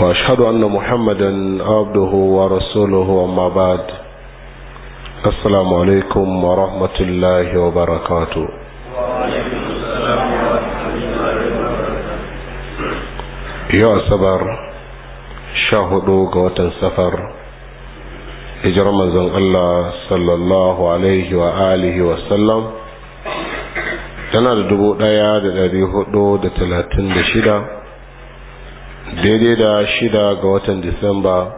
واشهد ان محمدا عبده ورسوله وما بعد السلام عليكم ورحمه الله وبركاته yau asabar sha hudu ga watan safar hijirar manzon Allah sallallahu alaihi wa alihi wa sallam tana da dubu ɗaya da dari hudu da talatin da shida daidai da shida ga watan disamba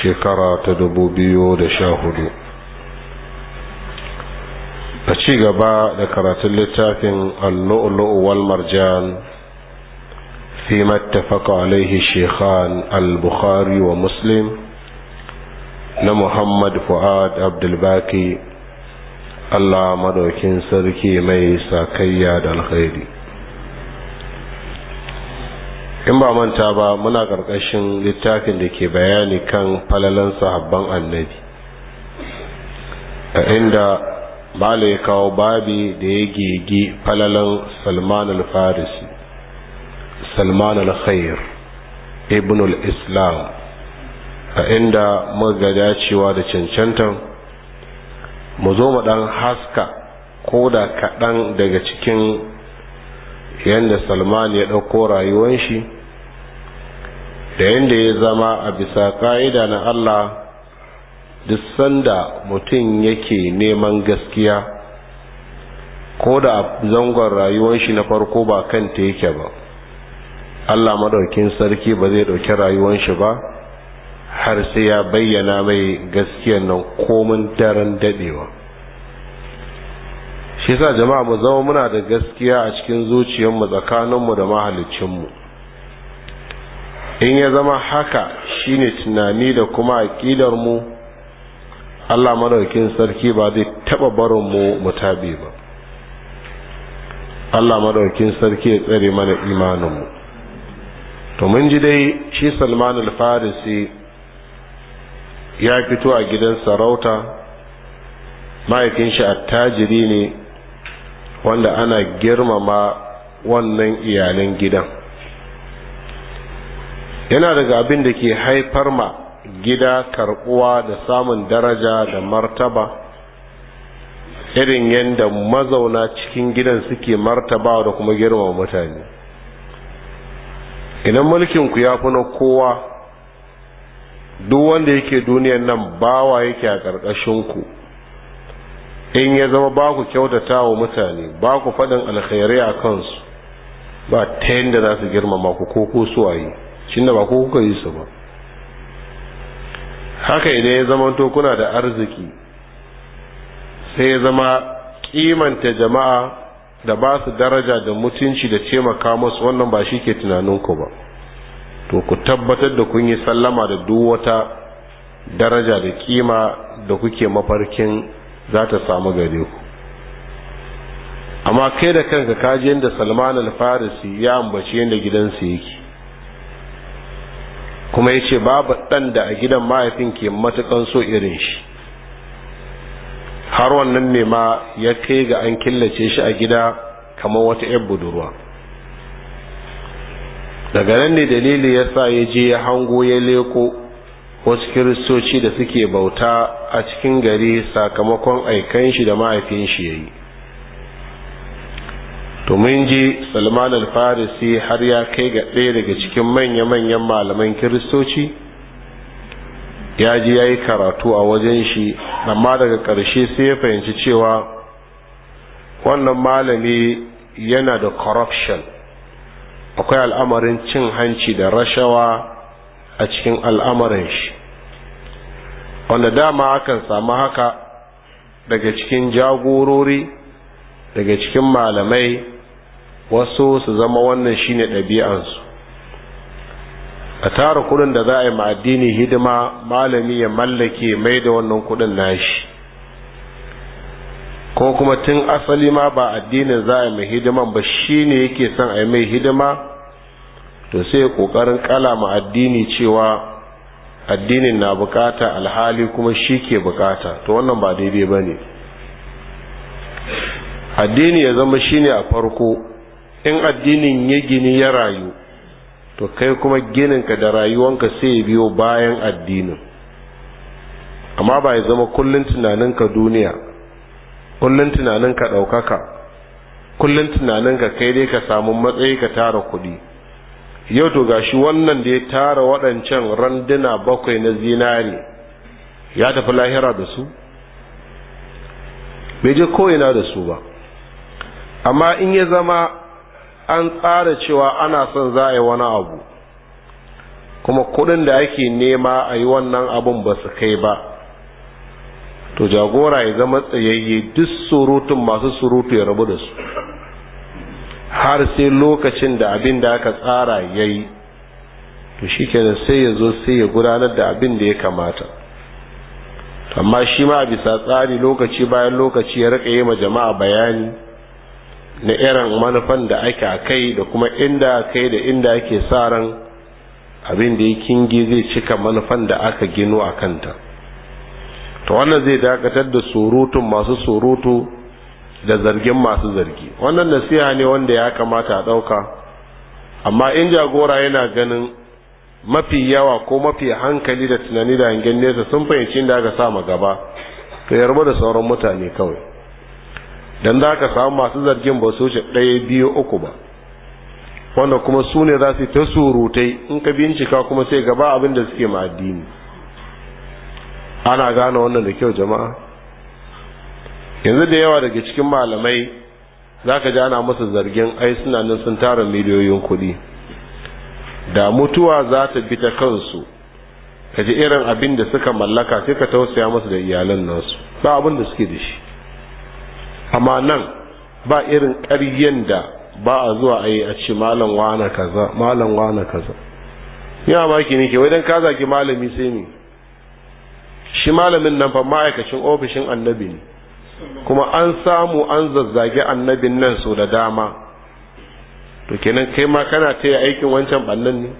shekara ta dubu biyu da sha hudu a ci gaba da karatun littafin allu'ulu'u wal marjan fi mattafaka alaihi shekhan al-bukhari wa muslim na muhammad fu'ad abdulbaki allah madaukin sarki mai sakayya da alkhairi in ba manta ba muna ƙarƙashin littafin da ke bayani kan falalan sahabban annabi a inda bala ya kawo babi da ya gege falalan salman al-farisi salman al-khair ibn al-islam a inda muka dacewa da cancantan mu zo mu dan haska ko da kaɗan daga cikin yadda salman ya ɗauko rayuwan shi da yadda ya zama a bisa ƙa'ida na allah duk sanda mutum yake neman gaskiya ko da zangon rayuwan shi na farko ba kanta yake ba allah maɗaukin sarki ba zai ɗauki rayuwan shi ba har sai ya bayyana mai gaskiyan nan komin daren daɗewa shi yasa jama'a mu zama muna da gaskiya a cikin zuciyar zuciyarmu tsakaninmu da mahaliccinmu in ya zama haka shine tunani da kuma aƙidar mu Allah madaukin sarki ba zai taɓa barin mu mutabi ba Allah madaukin sarki ya tsare mana imaninmu to mun ji dai shi Salman al ya fito a gidan sarauta mahaifin shi attajiri ne wanda ana girmama wannan iyalan gidan yana daga abin da ke haifar ma gida karbuwa da samun daraja da martaba irin yadda mazauna cikin gidan suke martaba da kuma girmama mutane idan mulkinku ya fi na kowa duk wanda yake duniyan nan bawa yake a ƙarƙashinku ku in ya zama ba ku kyautata wa mutane ba ku faɗin alkhairai a kansu ba ta yadda za su girmama ku ko ko suwaye shi ba ko kuka yi su ba haka idan ya zama to kuna da arziki sai ya zama kimanta jama'a da ba su daraja da mutunci da taimaka musu wannan ba shi ke tunaninku ba to ku tabbatar da kun yi sallama da duk wata daraja da kima da kuke mafarkin za ta samu gare ku amma kai da kanka kaji yadda salman al-farisi ya ambaci yadda gidansa yake kuma ya ce babu ɗan da a gidan mahaifin ke matukan so irin shi har wannan ne ma ya kai ga an killace shi a gida kamar wata 'yan budurwa daga nan ne dalili ya sa ya je ya hango ya leko wasu kiristoci da suke bauta a cikin gari sakamakon aikan shi da mahaifinshi shi ya yi to ji salman alfarisi farisi har ya kai ga ɗaya daga cikin manya-manyan malaman kiristoci ya ji ya yi karatu a wajen shi amma daga ƙarshe sai ya fahimci cewa wannan malami yana da corruption akwai al'amarin cin hanci da rashawa a cikin al'amarin shi wanda dama akan samu haka daga cikin jagorori daga cikin malamai wasu su zama wannan shine ɗabi'ansu a tara kudin da za a yi ma addini hidima malami ya mallake mai da wannan kudin nashi ko kuma tun asali ma ba addinin za a yi mai hidiman ba shine yake son a yi mai hidima to sai kokarin kalama addini cewa addinin na bukata alhali kuma shi ke bukata to wannan ba daidai ba ne addini ya zama shine a farko in addinin ya gini ya rayu to kai kuma gininka da rayuwanka sai ya biyo bayan addinin amma ba ya zama kullum tunaninka duniya kullum tunaninka ɗaukaka kullum tunaninka kai dai ka samu matsayi ka tara kuɗi yau to gashi wannan da ya tara waɗancan randuna bakwai na zinari ya tafi lahira da su bai je ko'ina da su ba amma in ya zama an tsara cewa ana son za a yi wani abu kuma kudin da ake nema a yi wannan abun ba su kai ba to jagora ya zama tsayayye duk surutun masu surutu ya rabu da su har sai lokacin da abin da aka tsara ya yi to shi da sai ya zo sai ya gudanar da abin da ya kamata amma shi ma bisa tsari lokaci bayan lokaci ya rika yi ma jama'a bayani na irin manufan da ake a kai da kuma inda kai da inda ake sa ran abin da ya kingi zai cika manufan da aka gino a kanta ta wannan zai dakatar da surutun masu surutu da zargin masu zargi wannan nasiha ne wanda ya kamata a ɗauka amma in jagora yana ganin mafi yawa ko mafi hankali da tunani da hangen nesa sun fahimci da aka sa ma gaba to yarba da sauran mutane kawai dan za ka samu masu zargin ba su wuce ɗaya biyu uku ba wanda kuma su ne za su ta surutai in ka bincika kuma sai gaba abin da suke ma addini ana gane wannan da kyau jama'a yanzu da yawa daga cikin malamai za ka ji ana masa zargin ai suna nan sun tara miliyoyin kuɗi da mutuwa za ta bi ta kansu ka ji irin abin da suka mallaka sai ka tausaya masu da iyalan nasu ba abin da suke da shi amma nan ba irin ƙaryen da ba a zuwa a yi a ce malam wana kaza malam wana kaza ya maki ne ke wai dan ka zagi malami sai ne shi malamin nan fa ma'aikacin ofishin annabi ne kuma an samu an zazzage annabin nan so da dama to kenan kai ma kana taya aikin wancan bannan ne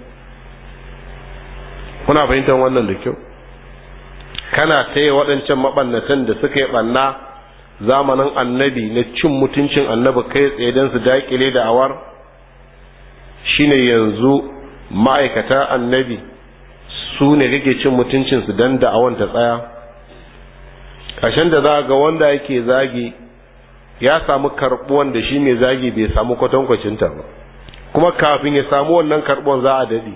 kuna fahimtar wannan da kyau kana taya waɗancan maɓannatan da suka yi ɓanna zamanin annabi na cin mutuncin annabi kai tsaye don su daƙile da awar shine yanzu ma'aikata annabi su ne rike cin mutuncinsu don da'awan ta tsaya Karshen da za ga wanda yake zagi ya samu karɓuwan da shi mai zagi bai samu kwatankwacinta ba kuma kafin ya samu wannan karɓuwan za a daɗe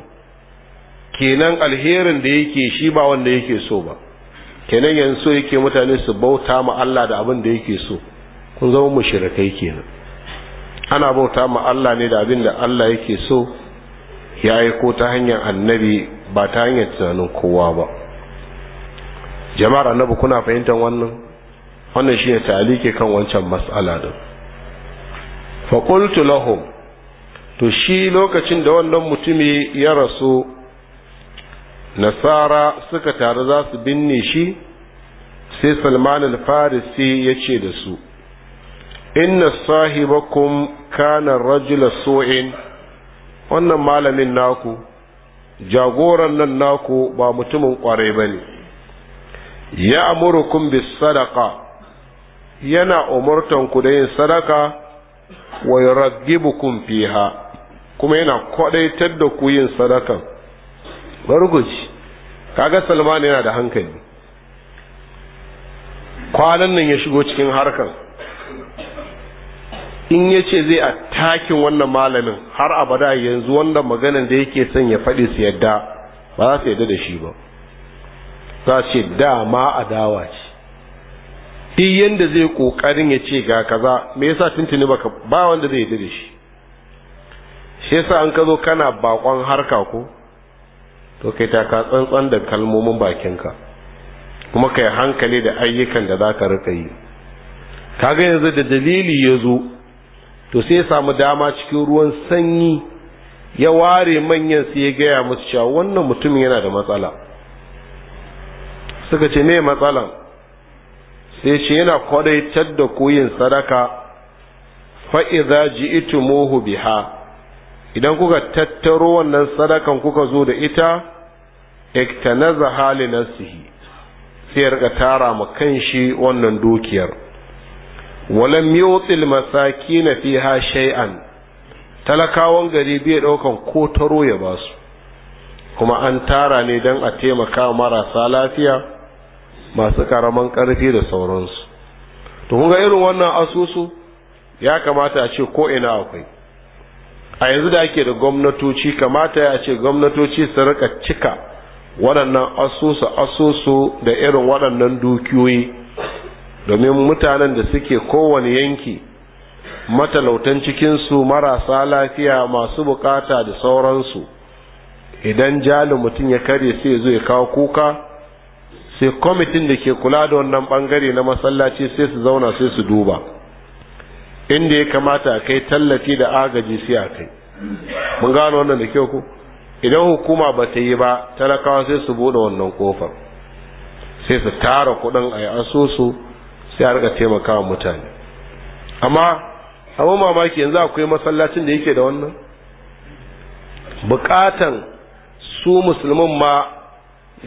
kenan alherin da yake shi ba wanda yake so ba kenan yanzu so yake mutane su bauta ma Allah da abin da yake so kun zama mushrikai kenan ana bauta ma Allah ne da abin da Allah yake so ya aiko ta hanyar annabi ba ta hanyar tunanin kowa ba jama'ar annabi kuna fahimtar wannan wannan shine talike kan wancan mas'ala din fa qultu lahum to shi lokacin da wannan mutumi ya rasu nasara suka taru za su binne shi sai salman al-farisi ya ce da su inna sahibakum kana rajula su'in wannan malamin naku jagoran nan naku ba mutumin kwarai bane ya amurukum bis sadaka yana umurtan ku da yin sadaka wa yuraggibukum fiha kuma yana kwadaitar da ku yin sadakan barguci kaga salman yana da hankali kwanan nan ya shigo cikin harkan in yace ce zai takin wannan malamin har abada yanzu wanda maganan da yake son ya faɗi su yadda ba za su yadda da shi ba za ce dama dawa ce duk yanda zai kokarin ya ce ga kaza me yasa tuntuni baka ba wanda zai yi da shi shi yasa an ka zo kana bakon harka ko to kai ta ka tsantsan da kalmomin bakinka kuma kai hankali da ayyukan da za ka rika yi Ka kaga yanzu da dalili ya zo to sai ya samu dama cikin ruwan sanyi ya ware manyan sai ya gaya musu cewa wannan mutumin yana da matsala suka ce me matsalan sai ce yana kwadaitar da koyin sadaka fa'iza ji itumuhu biha idan kuka tattaro wannan sadakan kuka zo da ita iktanaza hali nafsihi sai ya rika tara ma kanshi wannan dukiyar walam yutil fi fiha shay'an talakawan gari bai daukan ko taro ya basu kuma an tara ne don a taimaka marasa lafiya masu karaman karfi da sauransu to kun ga irin wannan asusu ya kamata a ce ko ina akwai a yanzu da ake da gwamnatoci kamata ya ce gwamnatoci su rika cika waɗannan asusu asusu da irin waɗannan dukiyoyi domin mutanen da suke kowane yanki matalautan cikinsu marasa lafiya masu bukata da sauransu idan jali mutum ya kare sai zai kawo kuka sai kwamitin da ke kula da wannan bangare na masallaci sai su zauna sai su duba inda ya kamata a kai tallafi da agaji sai a kai mun gano wannan da kyau ku. idan hukuma ba ta yi ba talakawa sai su bude wannan kofar sai su tara kudin a yi asusu sai a rika taimakawa mutane amma abu mamaki yanzu akwai masallacin da yake da wannan bukatan su musulmin ma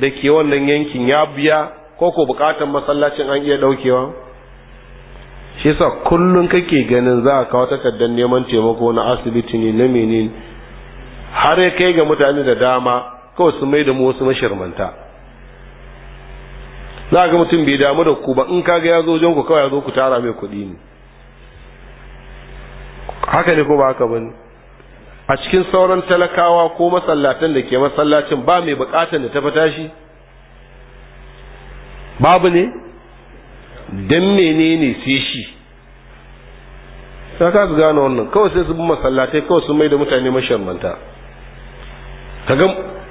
da ke wannan yankin ya biya ko ko bukatan masallacin an iya daukewa shi sa kullun kake ganin za ka kawo takardar neman taimako na asibiti ne na menin har ya kai ga mutane da dama kawai su mai da mu wasu mashirmanta za ga mutum bai damu da ku ba in kaga ya zo wajen ku kawai ya zo ku tara mai kuɗi ne haka ne ko ba haka bane a cikin sauran talakawa ko masallatan da ke masallacin ba mai bukatar da ta fita shi babu ne don menene sai shi ta kasu gane wannan kawai sai su bi masallatai kawai su mai da mutane masharmanta ka ga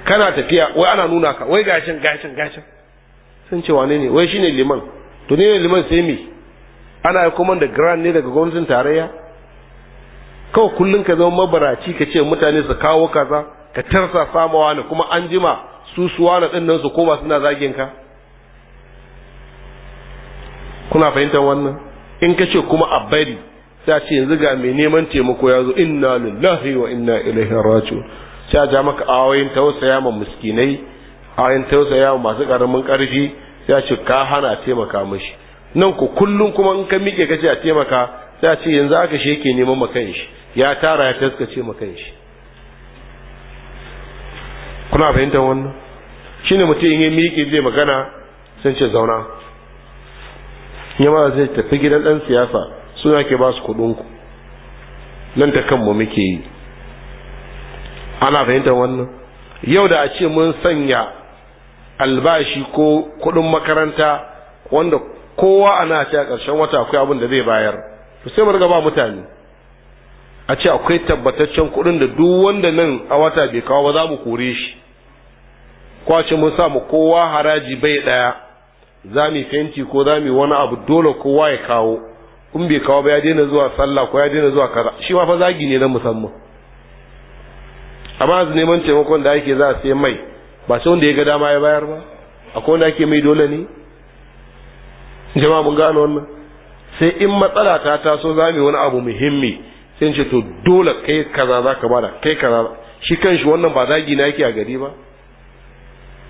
kana tafiya wai ana nuna ka wai gashin gashin gashin sun ce wane ne wai shine liman to ne liman sai me ana yi kuma da grand ne daga gwamnatin tarayya kawai kullum ka zama mabaraci ka ce mutane su kawo kaza ka tarsa samawa ne kuma an jima su suwa na ɗin nan su koma suna zagin ka kuna fahimtar wannan in ka ce kuma a bari sai ce yanzu ga mai neman taimako ya zo inna lillahi wa inna ilaihi raji'un sai a ja maka awayin tausaya ma miskinai awayin tausaya ma masu karamin karfi sai a ce ka hana taimaka mishi nan ku kullum kuma in ka miƙe ce a taimaka sai a ce yanzu aka shi yake neman makan shi ya tara ya taskace ma shi. kuna fahimtar wannan shine mutum in yi miƙe zai magana sun ce zauna yamma zai tafi gidan ɗan siyasa suna ke ba su kuɗinku nan ta kanmu muke yi ana fahimtar wannan yau da a ce mun sanya albashi ko kuɗin makaranta wanda kowa ana ce a ƙarshen wata akwai abin da zai bayar to sai mu riga ba mutane a ce akwai tabbataccen kuɗin da duk wanda nan a wata bai kawo ba za mu kore shi ko a ce mun sa mu kowa haraji bai ɗaya za mu fenti ko za mu wani abu dole kowa ya kawo in bai kawo ba ya daina zuwa sallah ko ya daina zuwa kaza shi ma fa zagi ne na musamman amma yanzu neman taimakon da ake za a sai mai ba sai wanda ya ga dama ya bayar ba akwai wanda ake mai dole ne jama'a mun gano wannan sai in matsala ta taso za mu wani abu muhimmi sai ce to dole kai kaza za ka bada kai kaza shi kanshi wannan ba zagi na yake a gari ba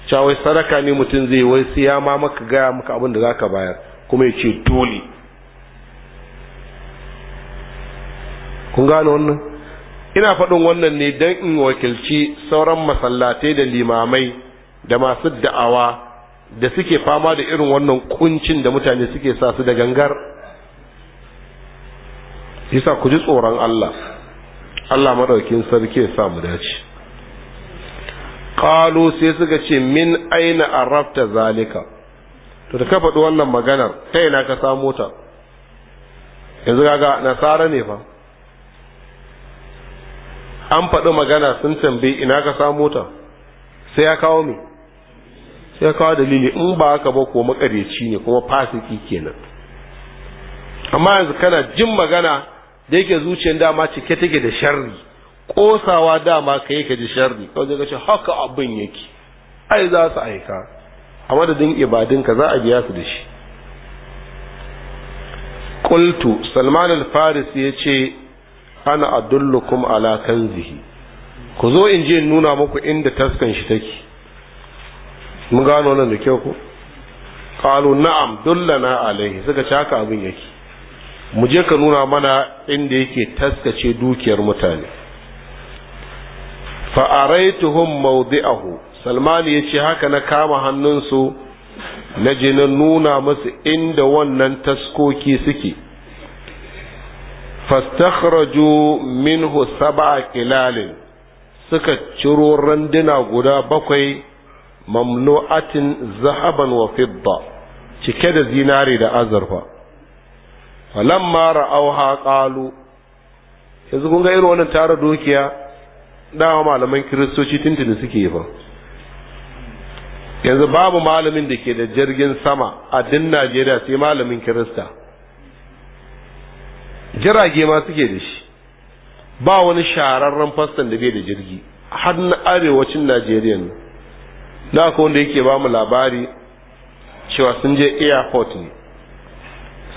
cewa sadaka ne mutum zai wai sai ya ma maka gaya maka abin da za ka bayar kuma ya ce dole kun gane wannan ina faɗin wannan ne don in wakilci sauran masallatai da limamai da masu da'awa da suke fama da irin wannan kuncin da mutane suke sa su da gangar yasa ku ji tsoron Allah Allah madaukin sarki ya sa mu dace qalu sai suka ce min aina arafta zalika to da ka faɗi wannan maganar ta ina ka samu ta yanzu kaga nasara ne fa an faɗi magana sun tambayi ina ka samu ta sai ya kawo me sai ya kawo dalili in ba haka ba ko makareci ne kuma fasiki kenan amma yanzu kana jin magana da yake zuciyar dama cike take da sharri kosawa dama ka ka ji sharri kawai ka ce haka abin yake ai za su aika a madadin ibadinka za a biya su da shi Kultu salman al-faris yace ana adullukum ala kanzihi ku zo in je nuna muku inda taskan shi take mun gano nan da kyau ko qalu na'am dullana alaihi suka caka abin yake mu je ka nuna mana inda yake taskace dukiyar mutane fa'araituhum mawdi'ahu Salman ya ce haka na kama hannunsu na je na nuna musu inda wannan taskoki suke fastakhraju minhu sab'a kilalin suka ciro randuna guda bakwai mamlu'atin zahaban wa fidda cike da zinari da azurfa falamma ra'auha qalu yanzu kun ga irin wannan tara dukiya dawa malaman kiristoci tintini suke yi fa yanzu babu malamin da ke da jirgin sama a din najeriya sai malamin kirista jirage ma suke da shi ba wani shararren fastan da bai da jirgi har na arewacin najeriya ne da wanda yake ba mu labari cewa sun je airport ne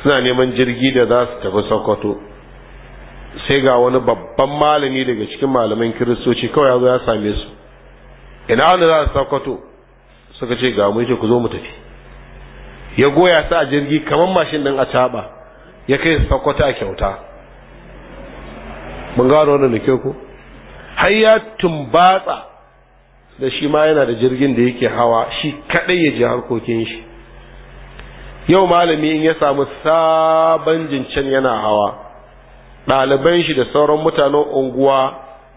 suna neman jirgi da za su tafi sokoto sai ga wani babban malami daga cikin malaman kiristoci kawai ya zo ya same su ina wani za su sokoto suka ce ga mu ku zo mu tafi ya goya sa a jirgi kamar mashin din a caɓa ya kai su sokoto a kyauta mun gano wannan da ke ku? har ya tumbatsa da shi ma yana da jirgin da yake hawa shi kadai ya je harkokin shi yau malami in ya samu sabon jincen yana hawa ɗaliban shi da sauran mutanen unguwa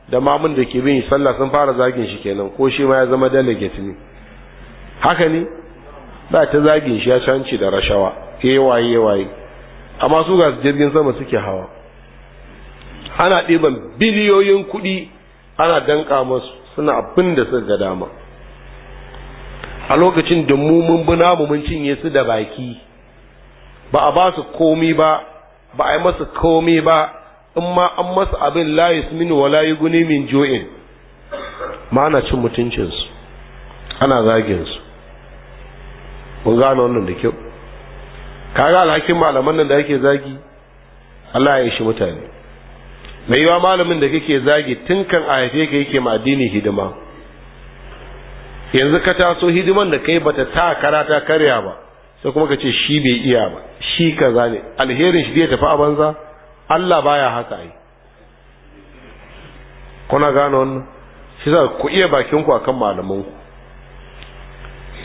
da mamun da ke bin sallah sun fara zagin shi kenan ko shi ma ya zama delegate ne haka ne ba ta zagin shi ya canci da rashawa waye yewaye amma su ga jirgin sama suke hawa ana ɗiban biliyoyin kuɗi ana danka musu suna abin da suka ga dama a lokacin da mu mun bi namu mun cinye su da baki ba a ba su komi ba ba a yi masa komi ba in ma an masa abin la min wa la yuguni min ju'in ma ana cin mutuncin su ana zagin su mun gane wannan da kyau kaga alhakin malaman nan da yake zagi Allah ya shi mutane mai yiwa malamin da kake zagi tun kan a haife ka yake ma addini hidima yanzu ka taso hidiman da kai bata ta karata karya ba sai kuma ka ce shi bai iya ba shi kaza ne alherin shi zai tafi a banza Allah baya haka yi. kuna gano wannan shi za ku iya bakin ku akan malaman ku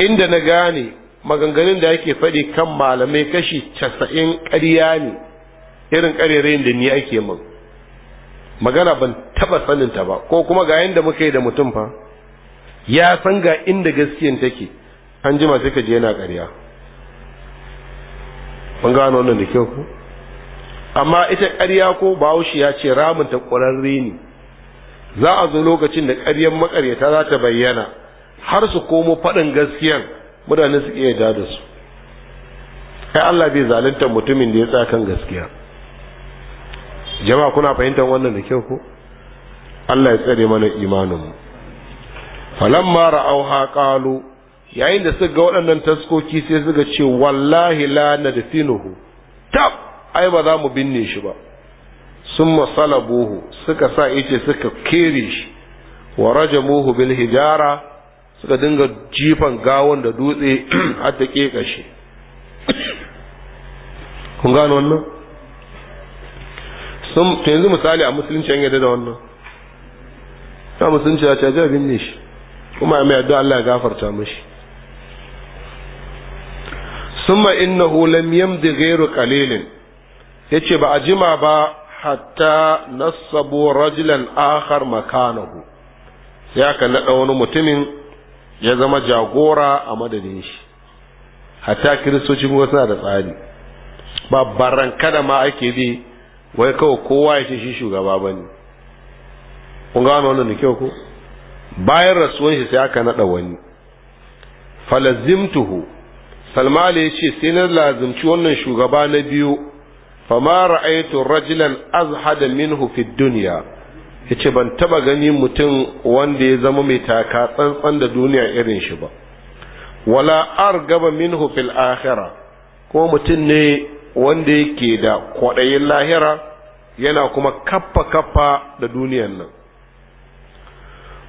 inda na gane maganganun da yake faɗi kan malamai kashi casa'in ƙarya ne irin ƙarerayin da ni ake min magana ban taɓa saninta ba ko kuma ga yadda muka yi da mutum fa ya san ga inda gaskiyan take an jima sai ka je yana ƙarya mun gano wannan da kyau ko amma ita ƙarya ko bahaushe ya ce ramin ta ƙwararre ne za a zo lokacin da ƙaryan maƙaryata za ta bayyana har su komo faɗin gaskiyan mutane su iya da su kai Allah bai zalunta mutumin da ya tsaya kan gaskiya jama'a kuna fahimtar wannan da kyau ko Allah ya tsare mana imaninmu falamma ra'auha qalu yayin da suka ga waɗannan taskoki sai suka ce wallahi la nadfinuhu tab ai ba za mu binne shi ba sun masalabuhu suka sa yace suka kere shi wa rajamuhu bil hijara suka dinga jifan gawon da dutse har ta keka shi kun gano wannan sun yanzu misali a musulunci an yadda da wannan ta musulunci ya ce a binne shi kuma mai addu'a Allah ya gafarta mishi summa innahu lam yamdi ghayru qalilin yace ba a jima ba hatta nasabu rajulan akhar makanahu sai aka naɗa wani mutumin ya zama jagora a madadin shi hatta kiristoci kuma suna da tsari ba ranka da ma ake bi wai kawai kowa ya ce shi shugaba bane kun ga wannan da kyau ko bayan rasuwan shi sai aka naɗa wani falazimtuhu salmale ya ce sai na lazimci wannan shugaba na biyu fama ra'aitu rajulan azhada minhu fi dunya yace ban taba gani mutum wanda ya zama mai taka tsantsan da duniya irin shi ba wala argaba minhu fil akhirah ko mutum ne wanda yake da kwaɗayin lahira yana kuma kaffa kaffa da duniyan nan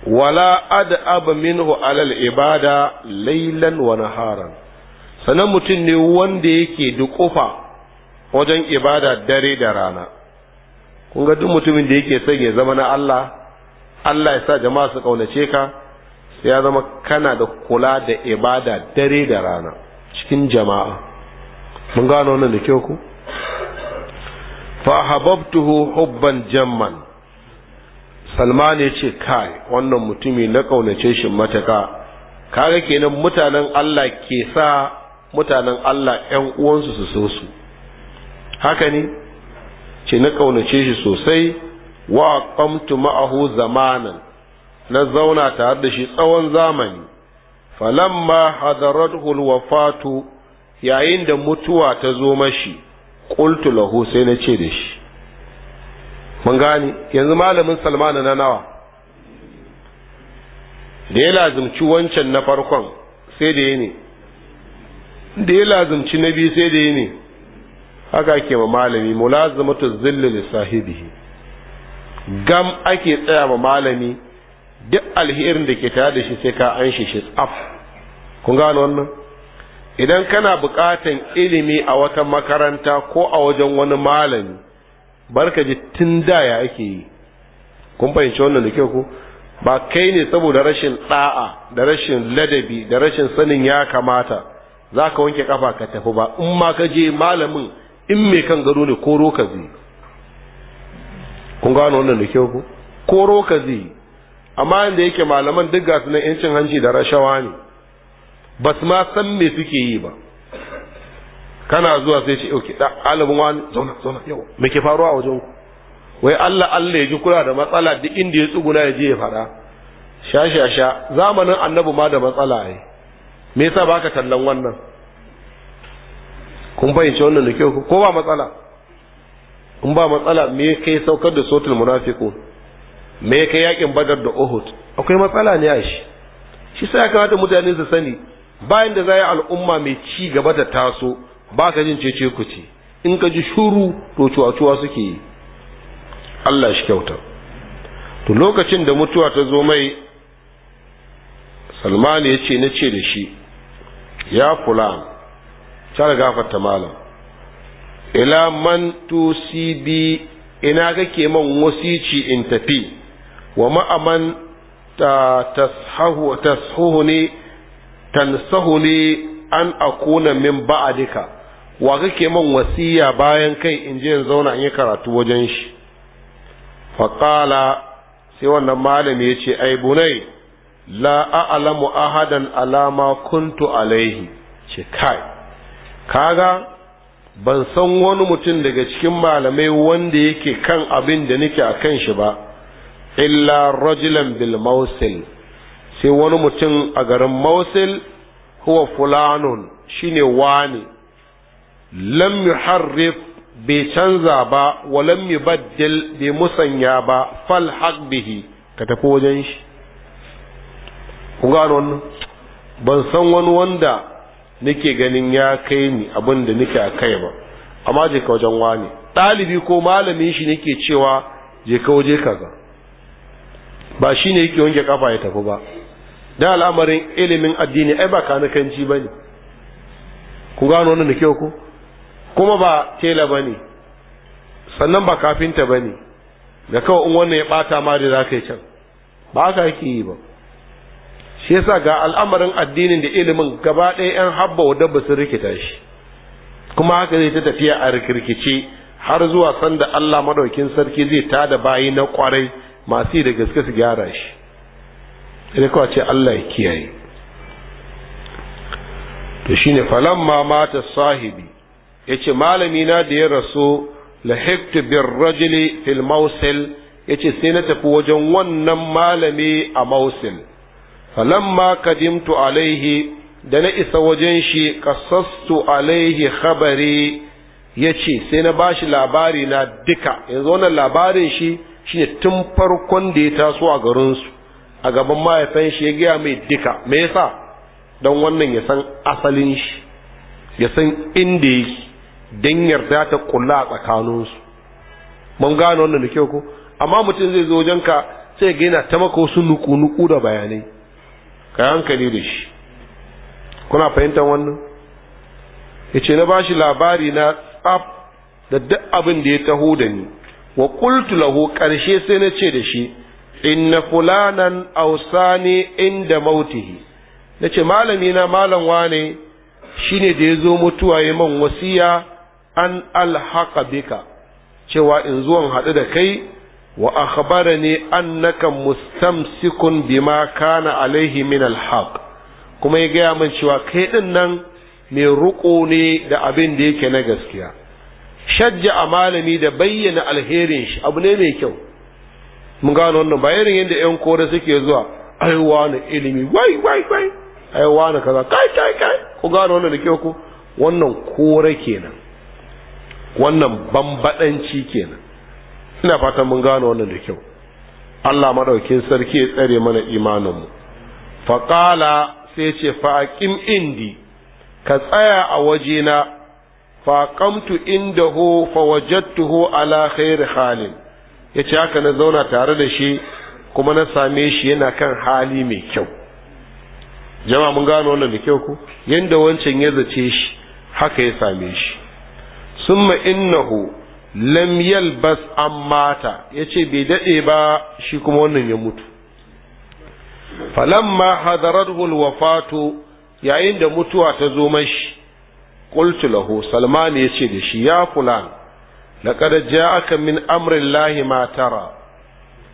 wala ad'ab minhu alal ibada laylan wa naharan sanan mutum ne wanda yake duƙufa wajen ibada dare da rana kun ga duk mutumin da yake son ya zama na Allah Allah ya sa jama'a su kaunace ka ya zama kana da kula da ibada dare da rana cikin jama'a mun gano wannan da kyau ku fa hababtuhu hubban jamman salman ya ce kai wannan mutumi na kaunace shi mataka kaga kenan mutanen allah ke sa mutanen allah ƴan uwansu su so su haka ne ce na ƙaunace shi sosai wa qamtu ma'ahu zamanan na zauna tare da shi tsawon zamani falamma hadarathu alwafatu yayin da mutuwa ta zo mashi qultu lahu sai na ce da shi mun gane yanzu malamin salmana na nawa da ya lazumci wancan na farkon sai da ya ne da ya lazumci na biyu sai da ya ne haka ke ma malami mulazamatu zillil sahibihi gam ake tsaya ma malami duk alherin da ke tare da shi sai ka an shi shi tsaf kun gano wannan idan kana bukatan ilimi a wata makaranta ko a wajen wani malami barka ji tun da ya ake yi kun fahimci wannan da kyau ko ba kai ne saboda rashin da'a da rashin ladabi da rashin sanin ya kamata za ka wanke kafa ka tafi ba in ma ka je malamin in mai kan gado ne koro ka zai kun gano wannan da kyau ko koro ka zai amma inda yake malaman duk gasu na yancin hanci da rashawa ne ba su ma san me suke yi ba kana zuwa sai ce ɗauki da ɗalibin wani zauna zauna yau me ke faruwa a wajen ku wai Allah Allah ya ji kula da matsala duk inda ya tsuguna ya je ya fara sha sha sha zamanin annabi ma da matsala ai me yasa baka tallan wannan kun bayyance wannan da kyau ko ba matsala in ba matsala me kai saukar da sotul munafiku? me kai yakin badar da uhud akwai matsala ne a shi shi sai ya kamata mutane su sani bayan da za yi al'umma mai ci gaba da taso ba ka jin cece ku ce in ka ji shuru to cuwa-cuwa suke yi Allah shi kyauta to lokacin da mutuwa ta zo mai salman ya ce na ce da shi ya kula ta gafarta malam ila man bi ina kake man wasici in tafi wa ma'aman ta tashahu ne tansahu ne an akuna min ba'adika wa kake man wasiya bayan kai in je in zauna in yi karatu wajen shi faƙala sai wannan malami ya ce ai bunai la a'lamu ahadan alama kuntu alaihi ce kai kaga ban san wani mutum daga cikin malamai wanda yake kan abin da nake a kan shi ba illa rajulan bil mausil sai wani mutum a garin mausil huwa fulanun shine wani lam yuharrif bai canza ba wa lam yubaddil bai musanya ba fal bihi ka tafi wajen shi kun gano wannan ban san wani wanda nake ganin ya kai ni abin da nake a kai ba amma je ka wajen wani ɗalibi ko malamin shi nake cewa je ka waje kaza ba shi ne yake wanke kafa ya tafi ba da al'amarin ilimin addini ai ba kanakanci ba ne ku gano wannan da kyau ko kuma ba tela ba ne sannan ba kafinta ba ne da kawai in wannan ya ɓata ma da za ka yi can ba ka yake yi ba shi yasa ga al'amarin addinin da ilimin gaba ɗaya 'yan habba wa dabba sun rikita shi kuma haka zai ta tafiya a rikirkice har zuwa sanda Allah madaukin sarki zai ta da bayi na kwarai masu yi da gaske su gyara shi sai kawai ce Allah ya kiyaye to shine falamma mata sahibi yace malami na da ya rasu lahiktu bir rajuli fil mawsil yace sai na tafi wajen wannan malami a mawsil falamma kadimtu alaihi da na isa wajen shi kasastu alaihi khabari yace sai na bashi labari na duka yanzu wannan labarin shi shine tun farkon da ya taso a garinsu a gaban mahaifin shi ya gaya mai duka me yasa Dan wannan ya san asalin shi ya san inda yake don yarda ta kulla a tsakaninsu mun gane wannan da kyau ko amma mutum zai zo wajen ka sai ga yana ta maka wasu nuku-nuku da bayanai ka hankali da shi kuna fahimtar wannan ya ce na ba shi labari na tsaf da duk abin da ya taho da ni wa qultu lahu karshe sai na ce da shi inna fulanan ausani inda mautihi nace malami na malam wane shine da ya zo mutuwa ya man wasiya an alhaka bika cewa in zuwan haɗu da kai wa akhbarani annaka mustamsikun bima kana alaihi min alhaq kuma ya gaya min cewa kai din nan mai ruko ne da abin da yake na gaskiya shajja a malami da bayyana alherin shi abu ne mai kyau mun gano wannan ba irin yadda yan kore suke zuwa ai wani ilimi wai wai wai ai wani kaza kai kai kai ku gano wannan da kyau ku wannan kore kenan wannan bambadanci kenan ina fatan mun gano wannan da kyau Allah madaukin sarki ya tsare mana imaninmu faƙala sai ce faƙin indi ka tsaya a wajena faƙamtu inda ho fawajattu ho ala khair halin ya ce haka na zauna tare da shi kuma na same shi yana kan hali mai kyau jama'a mun gano wannan da kyau ku yanda wancan ya zace shi haka ya same shi summa innahu lam yalbas an mata yace bai daɗe ba shi kuma wannan ya mutu falamma hadarathu alwafatu yayin da mutuwa ta zo mashi qultu lahu salman yace da shi ya fulan laqad ja'aka min amrin lahi ma tara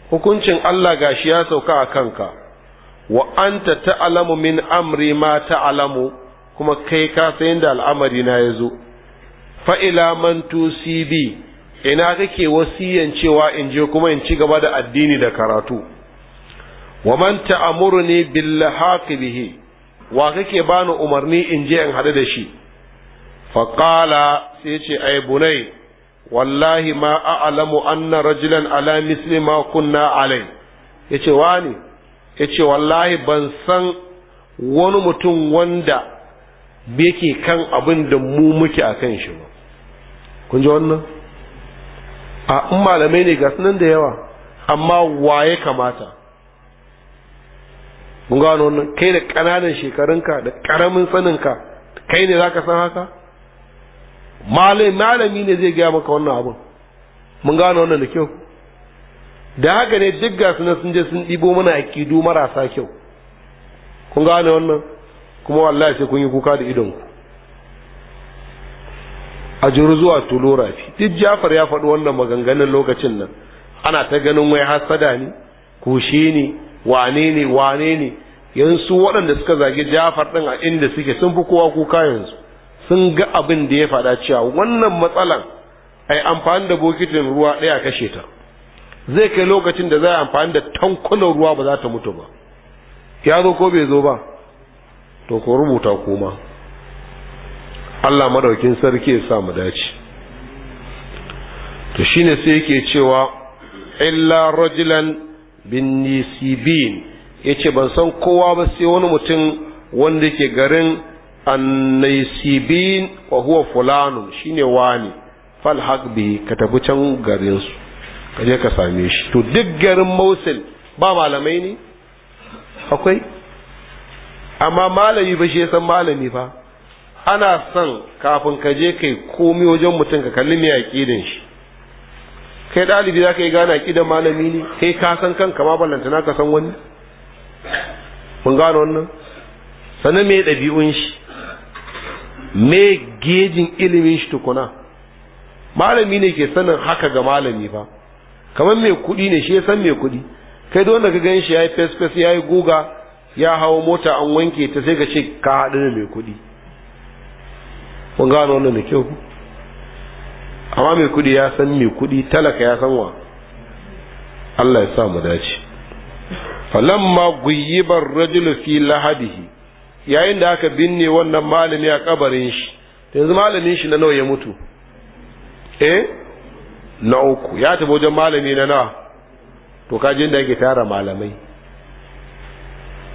hukuncin Allah gashi ya sauka a kanka wa anta ta'lamu min amri ma ta'lamu kuma kai ka san da al'amari na yazo fa ila man tusibi ina kake wasiyan cewa in je kuma in ci gaba da addini da karatu wa man ta'amuruni bil bihi wa kake bani umarni in je in hadu da shi fa qala sai ce ai bunai wallahi ma a'lamu anna rajulan ala misli ma kunna alai yace wani yace wallahi ban san wani mutum wanda yake kan abin da mu muke akan shi ba kun ji wannan a in malamai ne ga sunan da yawa amma waye kamata mun ga wannan kai da ƙananan shekarunka da ƙaramin saninka kai ne za ka san haka malami ne zai gaya maka wannan abun mun gane wannan da kyau da haka ne duk gasu na sun je sun ɗibo mana akidu marasa kyau kun gane wannan kuma wallahi sai kun yi kuka da idonku a zuwa tulo rafi duk jafar ya faɗi wannan maganganun lokacin nan ana ta ganin wai hasada ne kushi ne wane ne wane ne yansu waɗanda suka zagi jafar ɗin a inda suke sun fi kowa kuka yanzu sun ga abin da ya faɗa cewa wannan matsalan ai amfani da bokitin ruwa ɗaya kashe ta zai kai lokacin da za a amfani da tankunan ruwa ba za ta mutu ba ya zo ko bai zo ba to ko rubuta kuma Allah madaukin sarki ya sa mu dace to shine sai yake cewa illa rajulan bin nisibin yace ban san kowa ba sai wani mutum wanda yake garin annaisibin wa huwa fulanu shine wani fal haqbi ka tafi can garin su ka je ka same shi to duk garin Mosul ba malamai ne akwai amma malami ba shi san malami fa ana son kafin ka je kai komi wajen mutum ka kalli mai aƙidan shi kai ɗalibi za ka yi gane aƙidan malami ne kai ka san kanka ma ballanta na ka san wani mun gane wannan sannan mai ɗabi'un shi me gejin ilimin shi tukuna malami ne ke sanin haka ga malami ba kamar mai kuɗi ne shi ya san mai kuɗi kai don da ka gan shi ya yi fes-fes ya yi guga ya hawa mota an wanke ta sai ka ce ka haɗu da mai kuɗi kun gano wannan da kyau amma mai kudi ya san mai kudi talaka ya san wa Allah ya sa mu dace falamma guyibar rajulu fi lahadihi yayin da aka binne wannan malami a kabarin shi yanzu malamin shi na nawa ya mutu eh na uku ya tafi wajen malami na nawa to kajin da ake tara malamai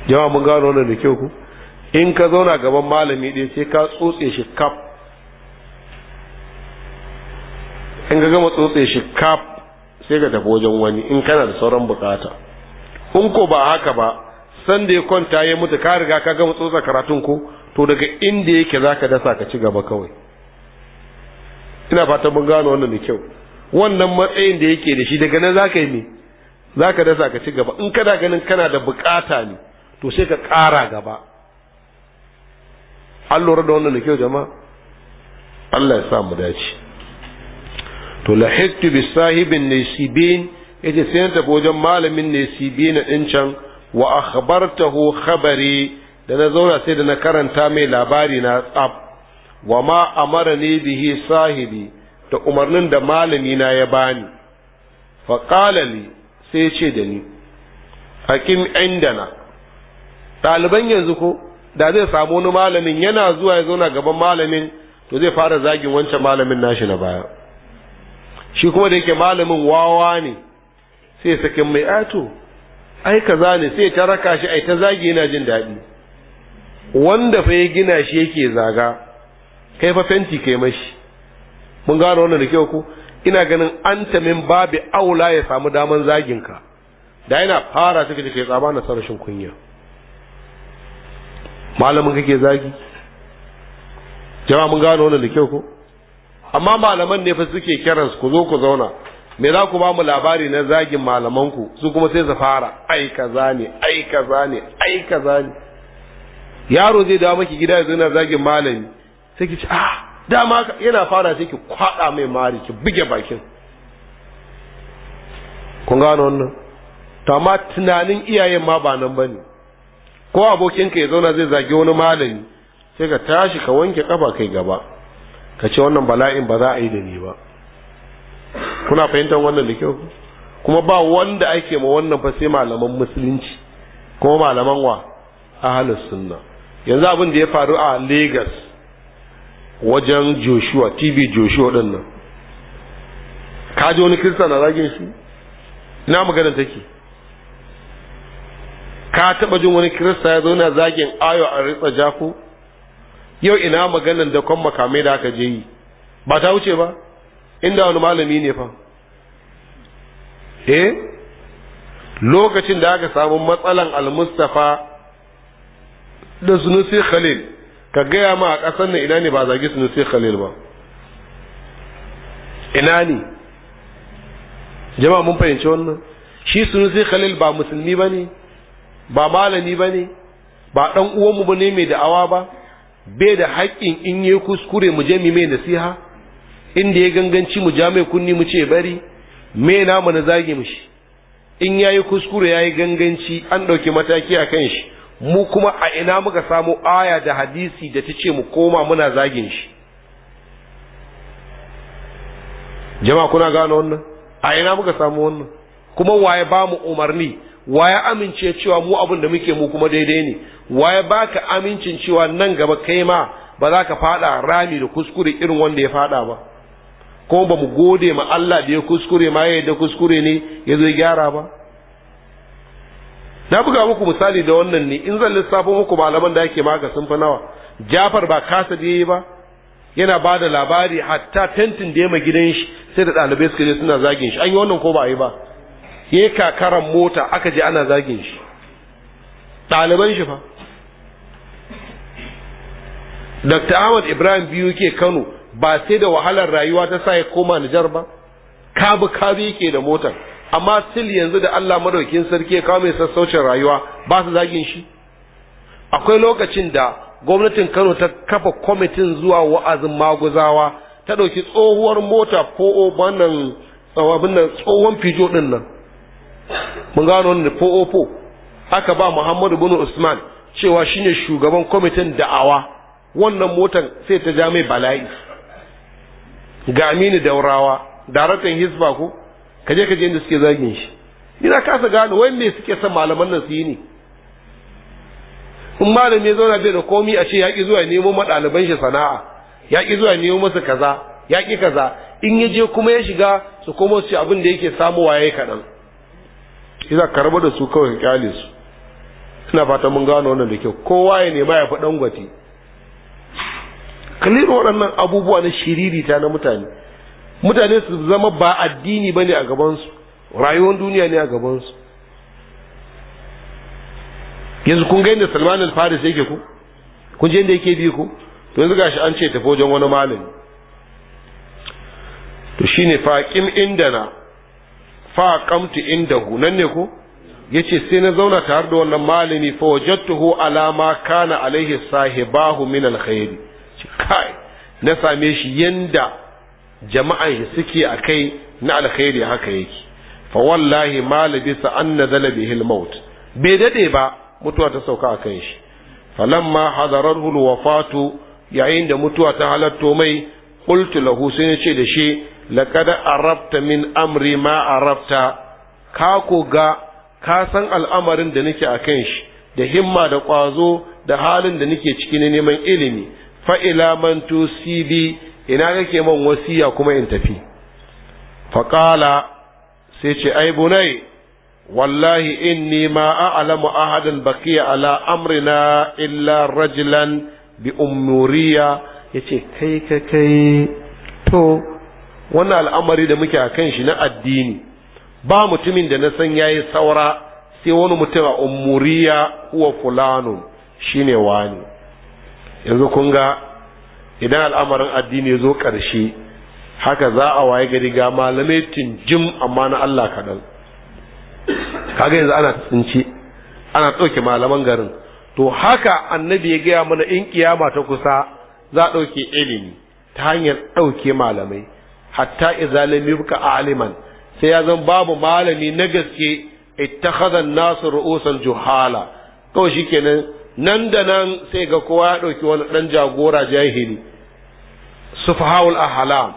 jama'a mun gano wannan da kyau ku in ka zauna gaban malami ɗaya sai ka tsotse shi kaf in ka gama tsotse shi kaf sai ka tafi wajen wani in kana da sauran bukata in ko ba haka ba san da ya kwanta ya mutu ka riga ka gama tsotsa karatun ko to daga inda yake zaka dasa ka ci gaba kawai ina fatan mun gano wannan da kyau wannan matsayin da yake da shi daga nan zaka yi za zaka dasa ka ci gaba in kana ganin kana da bukata ne to sai ka ƙara gaba an lura da wannan da kyau jama'a Allah ya sa mu dace to lahittu bi sahibin nasibin yace sai na tafi wajen malamin nasibin din can wa akhbartahu khabari da na zauna sai da na karanta mai labari na tsab wa ma amarani bihi sahibi da umarnin da malami na ya bani fa qala li sai ce da ni hakim indana ɗaliban yanzu ko da zai samu wani malamin yana zuwa ya zauna gaban malamin to zai fara zagin wancan malamin nashi na baya shi kuma da yake malamin wawa ne sai sakin mai ato ai kaza ne sai ta raka shi ai ta zage yana jin daɗi wanda fa ya gina shi yake zaga kai fa fenti kai mashi mun gano wannan da kyau ko ina ganin anta min babi aula ya samu daman zagin ka da yana fara suka ce tsaba na sarashin kunya malamin kake zagi jama'a mun gano wannan da kyau ko amma malaman ne fa suke kiran ku zo ku zauna me za ku ba mu labari na zagin malaman ku su kuma sai su fara ai kaza ne ai kaza ne ai kaza ne yaro zai dawo maki gida yana zagin malami sai ki ce ah dama yana fara sai ki kwada mai mari ki buge bakin kun gano wannan to amma tunanin iyayen ma ba nan bane ko abokinka ya zauna zai zagi wani malami sai ka tashi ka wanke kafa kai gaba ka ce wannan bala'in ba za a yi da ni ba kuna fahimtar wannan da kyau kuma ba wanda ake ma wannan fa sai malaman musulunci kuma malaman wa ahlus sunna yanzu abin da ya faru a Lagos wajen Joshua TV Joshua din nan ka ji wani kirista na zagin shi ina magana take ka taba jin wani kirista ya zo na zagin ayo a ritsa jafu yau ina maganan da kwan makamai da aka je yi ba ta wuce ba inda wani malami ne fa eh lokacin da aka samu matsalan almustafa da sunusi khalil ka gaya ma a ƙasar nan ina ne ba zagi sunusi khalil ba ina ne jama'a mun fahimci wannan shi sunusi khalil ba musulmi ba ne ba malami ba ne ba ɗan uwanmu ba ne mai da'awa ba bai da haƙƙin in yi kuskure mu je mu mai nasiha inda ya ganganci mu ja mai kunni mu ce bari me na mu na zage mu shi in ya yi kuskure ya yi ganganci an ɗauki mataki a kan shi mu kuma a ina muka samu aya da hadisi da ta ce mu koma muna zagin shi jama'a kuna gano wannan a ina muka samu wannan kuma waye ba mu umarni wa ya amince cewa mu abin da muke mu kuma daidai ne wa ya baka amincin cewa nan gaba kai ma ba za ka fada rami da kuskure irin wanda ya fada ba Ko ba mu gode ma Allah da ya kuskure ma ya yadda kuskure ne ya zo gyara ba na buga muku misali da wannan ne in zan lissafo muku malaman da ake maka sun fi nawa Jafar ba kasa da yi ba yana bada labari hatta tentin da ya ma gidan shi sai da ɗalibai suka je suna zagin shi an yi wannan ko ba a yi ba ya kakaran mota aka je ana zagin shi ɗaliban shi fa Dr. Ahmad Ibrahim biyu ke Kano ba sai da wahalar rayuwa ta sa ya koma Nijar ba kabi kabi yake da motar amma sil yanzu da Allah madaukin sarki ya kawo mai sassaucin rayuwa ba su zagin shi akwai lokacin da gwamnatin Kano ta kafa kwamitin zuwa wa'azin maguzawa ta ɗauki tsohuwar mota ko wannan tsohon fijo ɗin nan mun gano wannan da 404 aka ba Muhammadu bin Usman cewa shine shugaban kwamitin da'awa wannan motan sai ta ja mai bala'i ga Aminu Daurawa daraktan Hisba ko kaje kaje inda suke zagin shi ina kasa gano wai me suke son malaman nan su yi ne in malami ya zauna bai da komai a ce ya ki zuwa nemo maɗaliban shi sana'a ya ki zuwa nemo masa kaza ya kaza in ya je kuma ya shiga su koma su abin da yake samuwa ya yi kaɗan ina ka da su kawai ka kyale su ina fata mun gano wannan da kyau kowa ya nema ya fi gwati kalin waɗannan abubuwa na shiririta na mutane mutane su zama ba addini bane a gabansu rayuwar duniya ne a gabansu yanzu kun ga inda salman al-faris yake ku kun je inda yake bi ku to yanzu gashi an ce tafi wajen wani malami to shine fakim indana fa qamtu indahu nan ne ko yace sai na zauna tare da wannan malami fa wajattuhu ala ma kana alaihi sahibahu min alkhairi. kai na same shi yanda jama'an shi suke akai na alkhairi haka yake fa wallahi ma labisa an nazala bihi almaut bai dade ba mutuwa ta sauka akan shi falamma hadararhu alwafatu yayin da mutuwa ta halatto mai qultu lahu sai ce da shi laqad arabta min amri ma arabta ka ko ga ka san al'amarin da nake a kan shi da himma da ƙwazo da halin da nake ciki neman ilimi fa'ila, ila man tusibi ina kake man wasiya kuma in tafi Faƙala qala sai ce ai bunai wallahi in ma a'lamu ahadan baqiya ala'amrina amrina illa rajulan bi umuriya kai kai kai to wannan al'amari da muke a kan shi na addini ba mutumin da na san yayi saura sai wani mutum a umuriya huwa fulanun shine wani yanzu kun ga idan al'amarin addini ya zo ƙarshe haka za a waye gari ga malamai jim amma na Allah kaɗan kaga yanzu ana tsinci ana ɗauke malaman garin to haka annabi ya gaya mana in kiyama ta kusa za a ɗauke ilimi ta hanyar ɗauke malamai hatta izalim yubka aliman sai ya zan babu malami na gaske ittakhadha an-nasu ru'usan juhala kawai shikenan nan da nan sai ga kowa ya dauki wani dan jagora jahili sufahul ahlam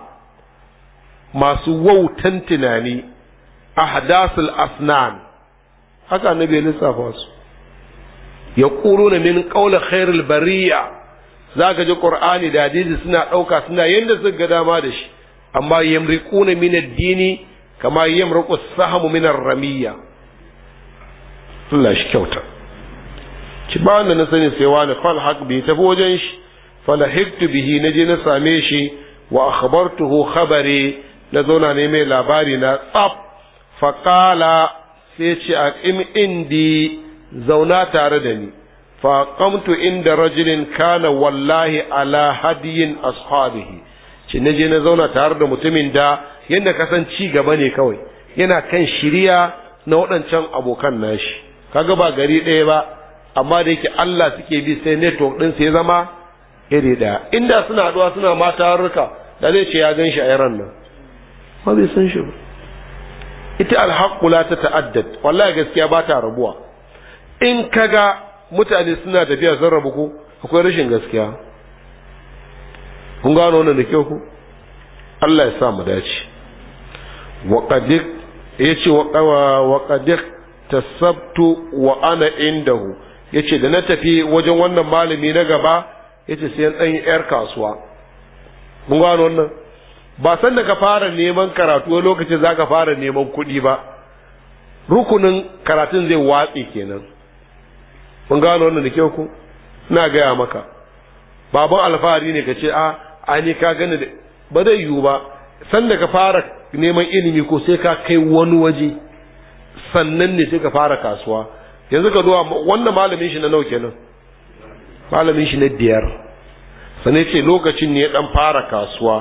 masu wautan tunani ahdasul asnan haka annabi lissafa su na min qawli khairil bariya ka ji ƙur'ani da hadisi suna ɗauka suna yanda suka ga dama da shi amma yamriquna min ad-dini kama yamriqu as-sahmu min ar-ramiyya Allah shi kyauta ki ba na sani sai wani fal haq bi tafi wajen shi falahiktu bihi naje na same shi wa akhbartuhu khabari na zauna ne mai labari na tsaf faqala sai ce a indi zauna tare da ni faqamtu inda rajulin kana wallahi ala hadiyin ashabihi ce na je na zauna tare da mutumin da yadda kasan ci gaba ne kawai yana kan shirya na waɗancan abokan nashi kaga ba gari ɗaya ba amma da yake Allah suke bi sai network ɗin sai zama iri ɗaya inda suna haɗuwa suna mata tarurruka da zai ce ya gan shi a yaran nan ma bai san shi ba ita alhaƙula ta ta'addad wallahi gaskiya ba ta rabuwa in kaga mutane suna tafiya sun rabu ko akwai rashin gaskiya kun gano wannan da kyau ku Allah ya sa mu dace wa qadik yace wa qawa wa qadik tasabtu wa ana indahu yace da na tafi wajen wannan malami na gaba yace sai an yi yar kasuwa mun gano wannan ba san da ka fara neman karatu lokacin za ka fara neman kuɗi ba rukunin karatun zai watse kenan mun gano wannan da kyau ku ina gaya maka baban alfahari ne ka ce a ah, ani ka gani da ba zai yiwu ba san da ka fara neman ilimi ko sai ka kai wani waje sannan ne sai ka fara kasuwa yanzu ka zuwa wannan malamin shi na nau kenan malamin shi na biyar sane ce lokacin ne ya dan fara kasuwa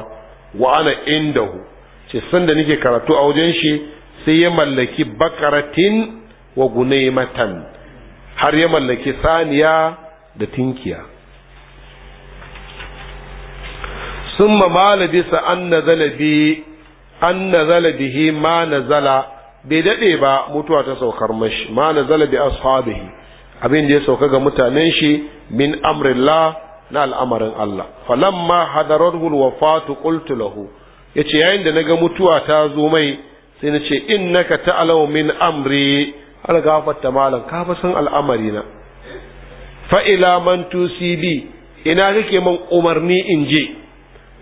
wa ana indahu ce san da nake karatu a wajen shi sai ya mallaki bakaratin wa gunaimatan har ya mallaki saniya da tinkiya summa ma labisa an nazala bi an nazala bihi ma nazala bai dade ba mutuwa ta saukar mashi ma nazala bi ashabihi abin da ya sauka ga mutanen shi min amrillah na al'amarin Allah falamma hadararhu alwafatu qultu lahu yace yayin da naga mutuwa ta zo mai sai na ce innaka ta'lamu min amri har gafarta malam ka fa san al'amari na fa ila man tusibi ina kake man umarni in je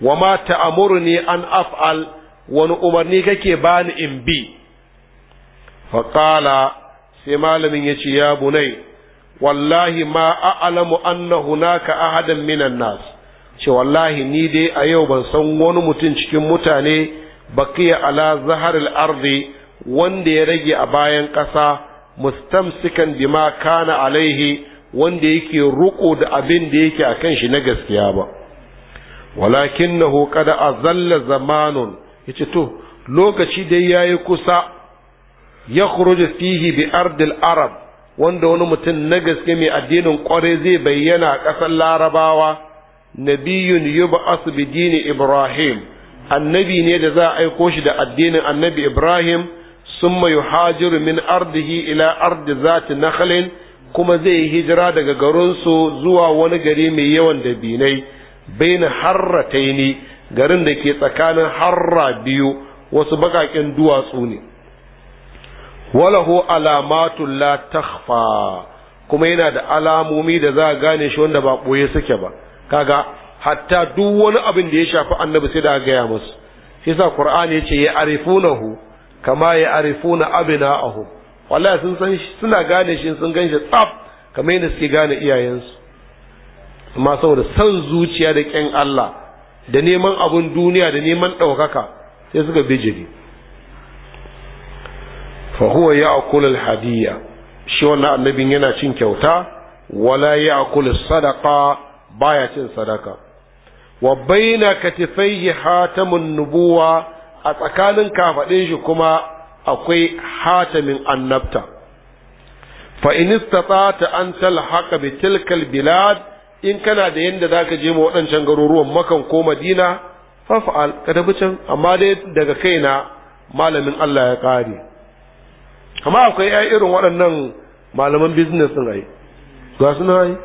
wa ma ne an af'al wani umarni kake bani in bi faƙala sai malamin ya ya bunai wallahi ma a'lamu anna hunaka ahadan minan nas ce wallahi ni dai a yau ban san wani mutum cikin mutane bakiya ala zaharil ardi wanda ya rage a bayan ƙasa mustamsikan bima kana alaihi wanda yake ruko da abin da yake akan shi na gaskiya ba Walakin qad azalla zamanun yace to lokaci dai yayi kusa ya khuruju fihi bi ardil arab wanda wani mutum na gaske mai addinin kware zai bayyana a ƙasar larabawa nabiyun yub'asu bi dini ibrahim annabi ne da za a aiko shi da addinin annabi ibrahim summa yuhajiru min ardihi ila ardi zati nakhlin kuma zai hijira daga garinsu zuwa wani gari mai yawan dabinai baina harrataini garin da ke tsakanin harra biyu wasu bakaƙen duwatsu ne walahu alamatu la takhfa kuma yana da alamomi da za a gane shi wanda ba boye suke ba kaga hatta duk wani abin da ya shafi annabi sai da gaya musu shi sa qur'ani yace ya arifunahu kama ya arifuna abina'ahum wallahi sun san suna gane shi sun ganshi tsaf kamar yadda suke gane iyayensu amma saboda san zuciya da ƙyan Allah da neman abin duniya da neman ɗaukaka sai suka bijiri fa huwa ya'kul al-hadiyya shi wannan annabin yana cin kyauta wala ya akula sadaka baya cin sadaka wa baina katifaihi hatamun nubuwa a tsakanin kafaɗin shi kuma akwai hatamin annabta fa inista ta an talhaka bi tilkal bilad in kana da yanda ka je ma waɗancan garuruwan makan ko madina fafa'al ka tafi can amma dai daga kaina malamin Allah ya kare amma akwai ya irin waɗannan malaman business ɗin ai ga su na ai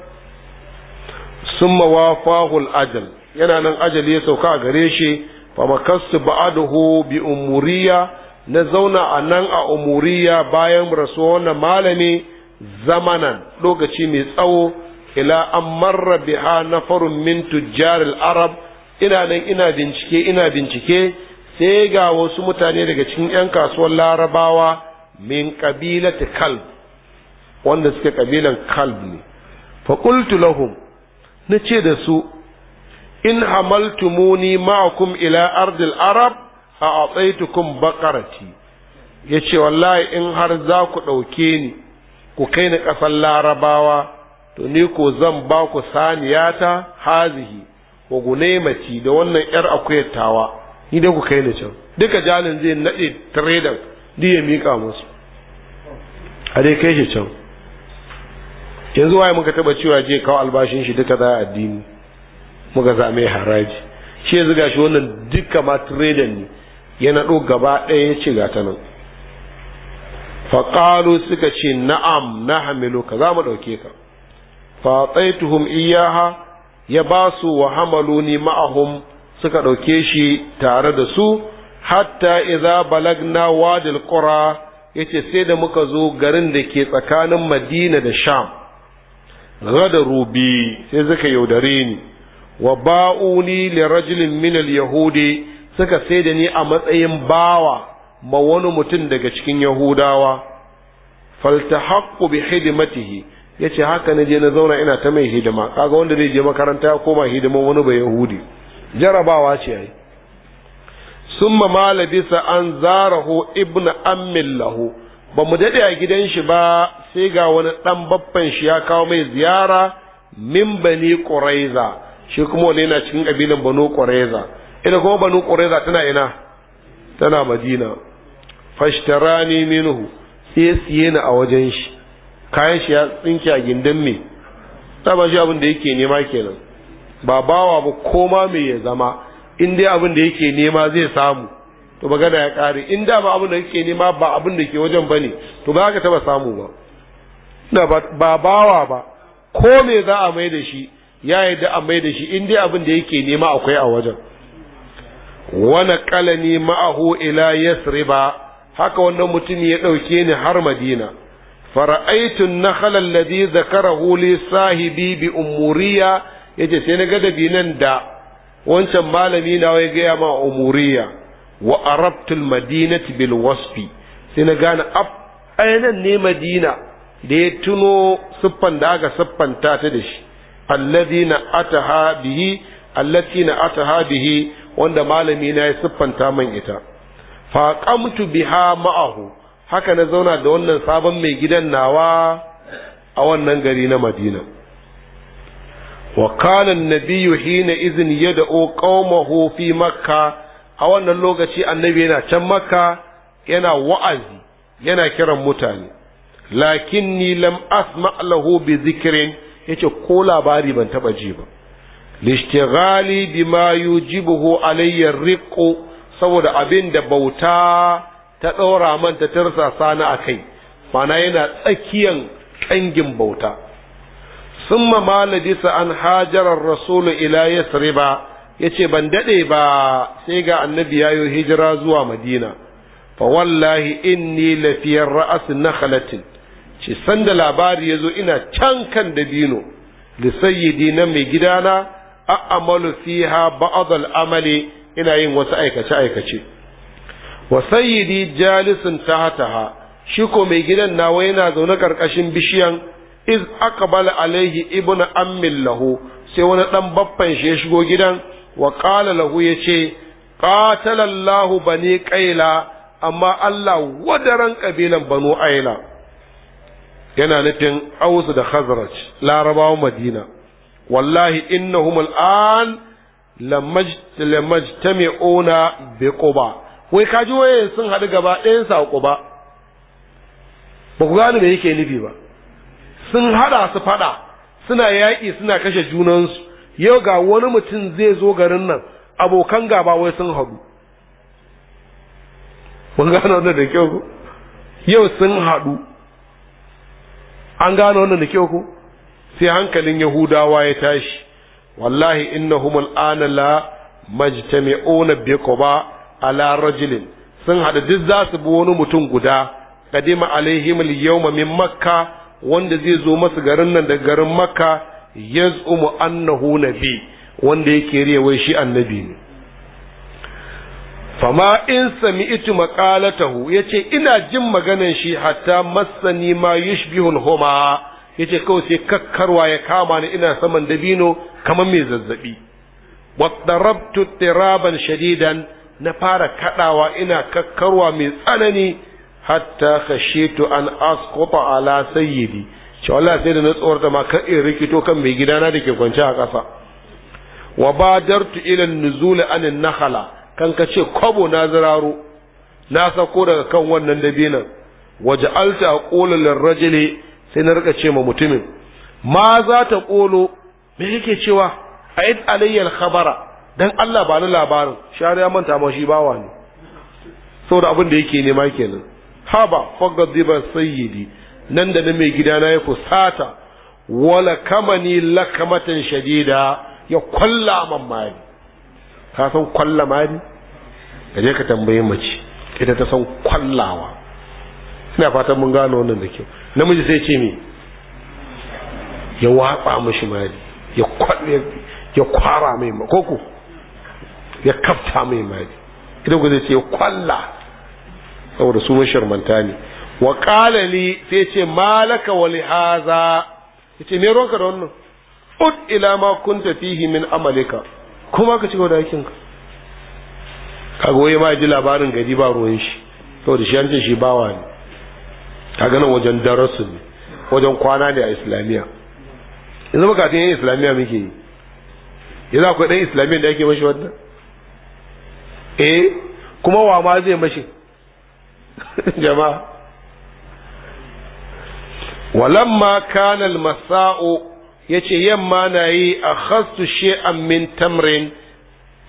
summa ajal yana nan ajali ya sauka a gare shi fa makassu ba'aduhu bi umuriya na zauna a nan a umuriya bayan rasuwa wannan malami zamanan lokaci mai tsawo ila an marra biha nafarun min arab ina nan ina bincike ina bincike sai ga wasu mutane daga cikin 'yan kasuwar larabawa min kabilati kalb wanda suke kabilan kalb ne faƙultu lahum na ce da su in hamaltumuni ma'akum ila ardil arab a atsaitukum bakarati ya ce wallahi in har za ku ɗauke ni ku kai ni ƙasar larabawa to ni ko zan ba ku saniyata hazihi wa gunaimaci da wannan yar akuyar tawa ni da ku kai ni can duka jalin zai nade trader duk ya mika musu a dai kai shi can yanzu waye muka taba cewa je kawo albashin shi duka za a addini muka zame haraji shi yanzu gashi wannan duka ma trader ne ya nado gaba ɗaya ya ce gata nan faƙalu suka ce na'am na hamilu ka za mu ɗauke ka Fatsai ataituhum iyaha ya basu wa hamaluni ma'ahum suka ɗauke shi tare da su hatta iza balagna wadil qura yace sai da muka zo garin da ke tsakanin madina da sham gada rubi sai suka yaudare ni wa ba'uni li rajulin min al yahudi suka sai da ni a matsayin bawa ma wani mutum daga cikin yahudawa faltahaqqu bi khidmatihi ya ce haka na je na zauna ina ta mai hidima kaga wanda zai je makaranta ya koma hidima wani bai yahudi jarabawa ce ai summa malabisa bisa an zarahu ibnu ammin lahu ba mu dade a gidan shi ba sai ga wani ɗan baffan shi ya kawo mai ziyara min bani quraiza shi kuma wani yana cikin kabilan banu quraiza ina kuma banu quraiza tana ina tana madina fashtarani minhu sai siye ni a wajen shi kayan shi ya tsinke a gindin me ta ba shi abin da yake nema kenan ba bawa ba koma me ya zama in dai abin da yake nema zai samu to magana ya kare in da ba abin da yake nema ba abin da ke wajen bane to ba ka taba samu ba na ba bawa ba ko me za a mai da shi ya da a mai da shi in dai abin da yake nema akwai a wajen wani kalani ma'ahu ila yasriba haka wannan mutum ya ɗauke ni har madina fara'aitun na halallazi zakara huli sahibi bi umuriya ya ce sai na ga dabinan da wancan malami na ya gaya ma umuriya wa arabtul madinati bil wasfi sai na gane ab ainihin ne madina da ya tuno siffan da aka siffanta ta da shi allazi na ataha bihi allati na ataha bihi wanda malami na ya siffanta man ita Faƙamtu biha ma'ahu haka na zauna da wannan sabon mai gidan nawa a wannan gari na madina wa kana annabiyyu hina izin yad'u qaumahu fi makka a wannan lokaci annabi yana can makka yana wa'azi yana kiran mutane lakinni lam asma lahu bi dhikrin yace ko labari ban taba ji ba lishtighali bima yujibuhu alayya riqqu saboda abin da bauta ta ɗora man ta rasa sani a kai mana yana tsakiyan kangin bauta sun mamala an hajarar rasulu ila yasriba ya ce ban daɗe ba sai ga annabi yayo hijira zuwa madina fa wallahi inni lafiyar ra'as nakhalatin ce da labari ya zo ina can kan dabino da sayyidi na mai gidana a'amalu fiha ba'd amali ina yin wasu aikace aikace wa sayyidi jalisun tahataha shi ko mai gidan nawa yana zaune karkashin bishiyan iz aqbala alaihi ibnu ammin lahu sai wani dan baffan shi ya shigo gidan wa qala lahu yace qatala allah bani qaila amma allah wadaran kabilan banu aila yana nufin ausu da khazraj larabawa madina wallahi innahum al'an lamajtami'una biquba wai ka ji waye sun haɗu gaba ɗayan saƙo ba ba ku gane me yake nufi ba sun haɗa su faɗa suna yaƙi suna kashe junansu yau ga wani mutum zai zo garin nan abokan gaba wai sun haɗu mun gane wannan da kyau ko yau sun haɗu an gano wannan da kyau ko sai hankalin yahudawa ya tashi wallahi innahum al'ana la majtami'una bi quba ala rajulin sun haɗu duk za su bi wani mutum guda kadima alaihim yawma min makka wanda zai zo masu garin nan da garin makka yaz'umu annahu nabi wanda yake wai shi annabi ne fama in sami'tu maqalatahu yace ina jin maganan shi hatta massani ma yushbihul huma yace kawai sai kakkarwa ya kama ni ina saman dabino kamar mai zazzabi wa darabtu tiraban shadidan na fara kadawa ina kakkarwa mai tsanani hatta khashitu an asquta ala sayyidi ce Allah sai da na tsorata ma kan in rikito kan mai gidana da ke kwance a ƙasa wa badartu ila nuzul an nahala? kan ka ce kwabo na ziraro na sako daga kan wannan dabinan waja'alta aqulu rajuli sai na rika ce ma mutumin ma za ta kolo. me yake cewa a alayya al-khabara dan Allah ba ni labarin shari ya manta ma shi bawa ne saboda abin da yake nema kenan haba fagad diba sayyidi nan da mai gidana ya fusata wala kamani lakamatan shadida ya kwalla man mari ka san kwalla mari ka ka tambaye mace ita ta san kwallawa ina fatan mun gano wannan da kyau namiji sai ce me ya watsa mishi mali ya kwara mai makoko ya kafta mai mari idan ku zai ce kwalla saboda su mashirmanta ne wa kalali sai ce malaka wa lihaza ya ce me ruwanka da wannan ud ila ma kunta fihi min amalika kuma ka ci gaba da Ka kaga ma ji labarin gari ba ruwan shi saboda shi an ce shi bawa ne Ka nan wajen darasu ne wajen kwana ne a islamiyya yanzu bukatun yin islamiyya muke yi yanzu akwai ɗan islamiyya da ake mashi wannan eh kuma wa ma zai mashi jama'a walamma kana almasa'u yace yamma na yi a khastu shay'an min tamrin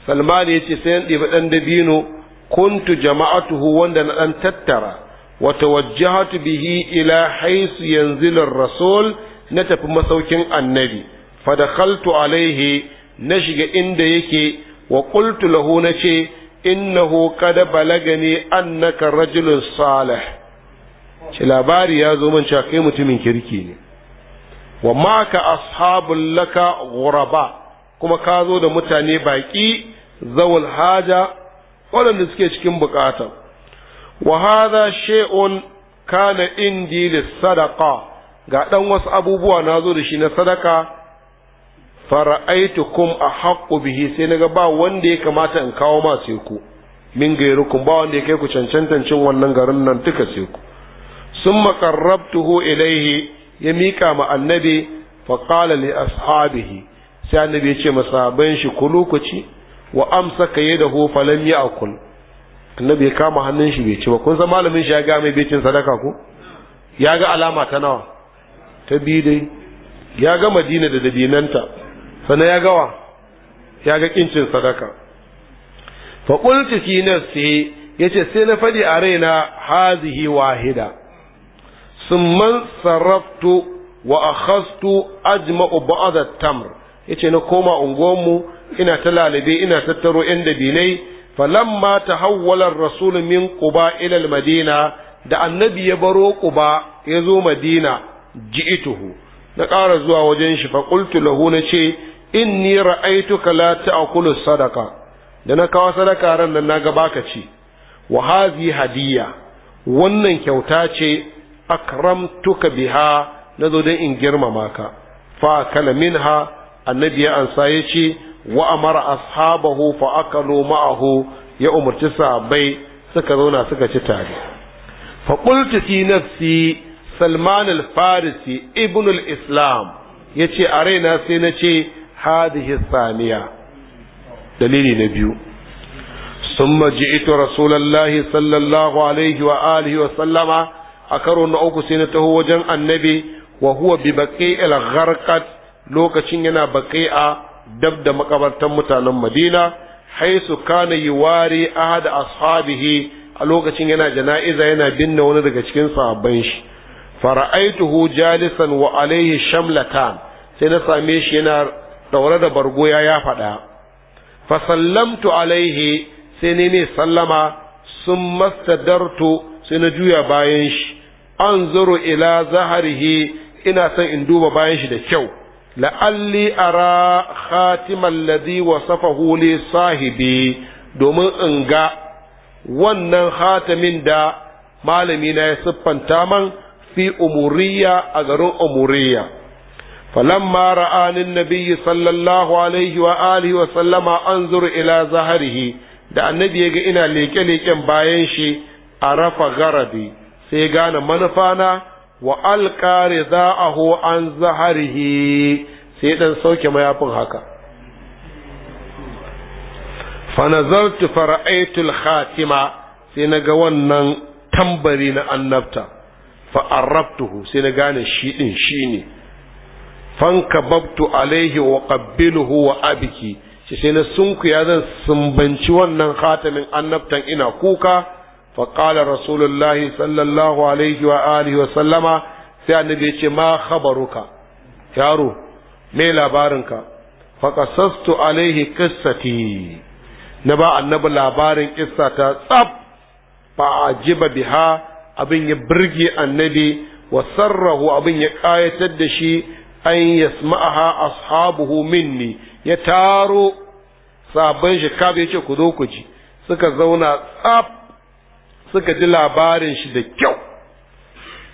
salman yace sai an ɗiba ɗan dabino kuntu jama'atuhu wanda na ɗan tattara wa tawajjahatu bihi ila haisu yanzilu rasul na tafi masaukin annabi Fa fadakhaltu alaihi na shiga inda yake wa qultu lahu na ce innahu qad balagani annaka rajulun salih shi labari ya zo man cewa kai mutumin kirki ne wa maka ashabul laka ghuraba kuma ka zo da mutane baki zawul haja waɗanda suke cikin bukata wa hadha shay'un kana indi lis sadaqa ga dan wasu abubuwa na zo da shi na sadaka fara'aitukum a haƙƙo bihi sai ga ba wanda ya kamata in kawo ma sai ku min kun, ba wanda ya kai ku cin wannan garin nan duka sai ku sun makarrabtuhu ilaihi ya miƙa ma annabi qala li ashabihi sai annabi ya ce masahaban shi ku lokaci wa amsa ka yi da falam ya akul annabi ya kama hannun shi bai ci ba kun san malamin shi ya ga mai becin sadaka ko ya ga alama ta nawa ta biyu dai ya ga madina da dabinanta sannan ya gawa ya ga kincin sadaka fa fi nafsi yace sai na faɗi a raina hazihi wahida summan sarraftu wa akhastu ajma'u ba'd at ya yace na koma unguwanmu ina ta lalube, ina tattaro yan dabinai falamma ta ar-rasul min quba ilal madina da annabi ya baro quba ya zo madina ji'ituhu na ƙara zuwa wajen shi faƙultu lahu na ce inni ra'aytuka la ta'kulu sadaqa da na kawo sadaka ran nan naga baka ci wa hadhi hadiya wannan kyauta ce akramtuka biha nazo dan in girmama ka fa kala minha annabi ya ansa yace wa amara ashabahu fa akalu ma'ahu ya umarci sahabbai suka zauna suka ci tare fa qultu fi nafsi salman al-farisi ibn al-islam yace a raina sai na ce hadhihi thaniya dalili na biyu summa ji'tu rasulullahi sallallahu a karo na uku sai na taho wajen annabi wa huwa bi lokacin yana baqi'a dab da makabartan mutanen madina haisu kana yuwari ahad ashabihi a lokacin yana jana'iza yana binne wani daga cikin fara'aituhu jalisan shamlatan sai na same shi yana daure da bargo ya ya faɗa fa sallamtu alaihi sai ne sallama sun mastadartu sai na juya bayan shi an zuru ila zaharihi ina son in duba bayan shi da kyau la'alli ara khatiman ladhi wasafahu li sahibi domin in ga wannan khatamin da malami na ya siffanta man fi umuriya a garin umuriya فلما رآني النبي صلى الله عليه وآله وسلم أنظر إلى ظهره da annabi ya ga ina leke-leken bayan shi a rafa garabi sai ya gane manufana wa alƙari ho an zaharihi sai ɗan sauke mayafin haka fanazartu fara'aitul khatima sai na ga wannan tambari na annabta fa'arraftuhu sai na gane shi ɗin shi ne fanka babtu alaihi wa qabbiluhu wa abiki shi sai na sunkuya zan sumbanci wannan khatamin annabtan ina kuka fa qala rasulullahi sallallahu alaihi wa alihi wa sallama sai annabi ya ce ma khabaruka yaro me labarinka fa qasastu alaihi qissati na ba annabi labarin kissa ta tsaf fa ajiba biha abin ya birge annabi wa sarrahu abin ya kayatar da shi an yasma'aha ashabuhu minni ya taro sabon shi kabe ce ku zo ku ji suka zauna tsaf suka ji labarin shi da kyau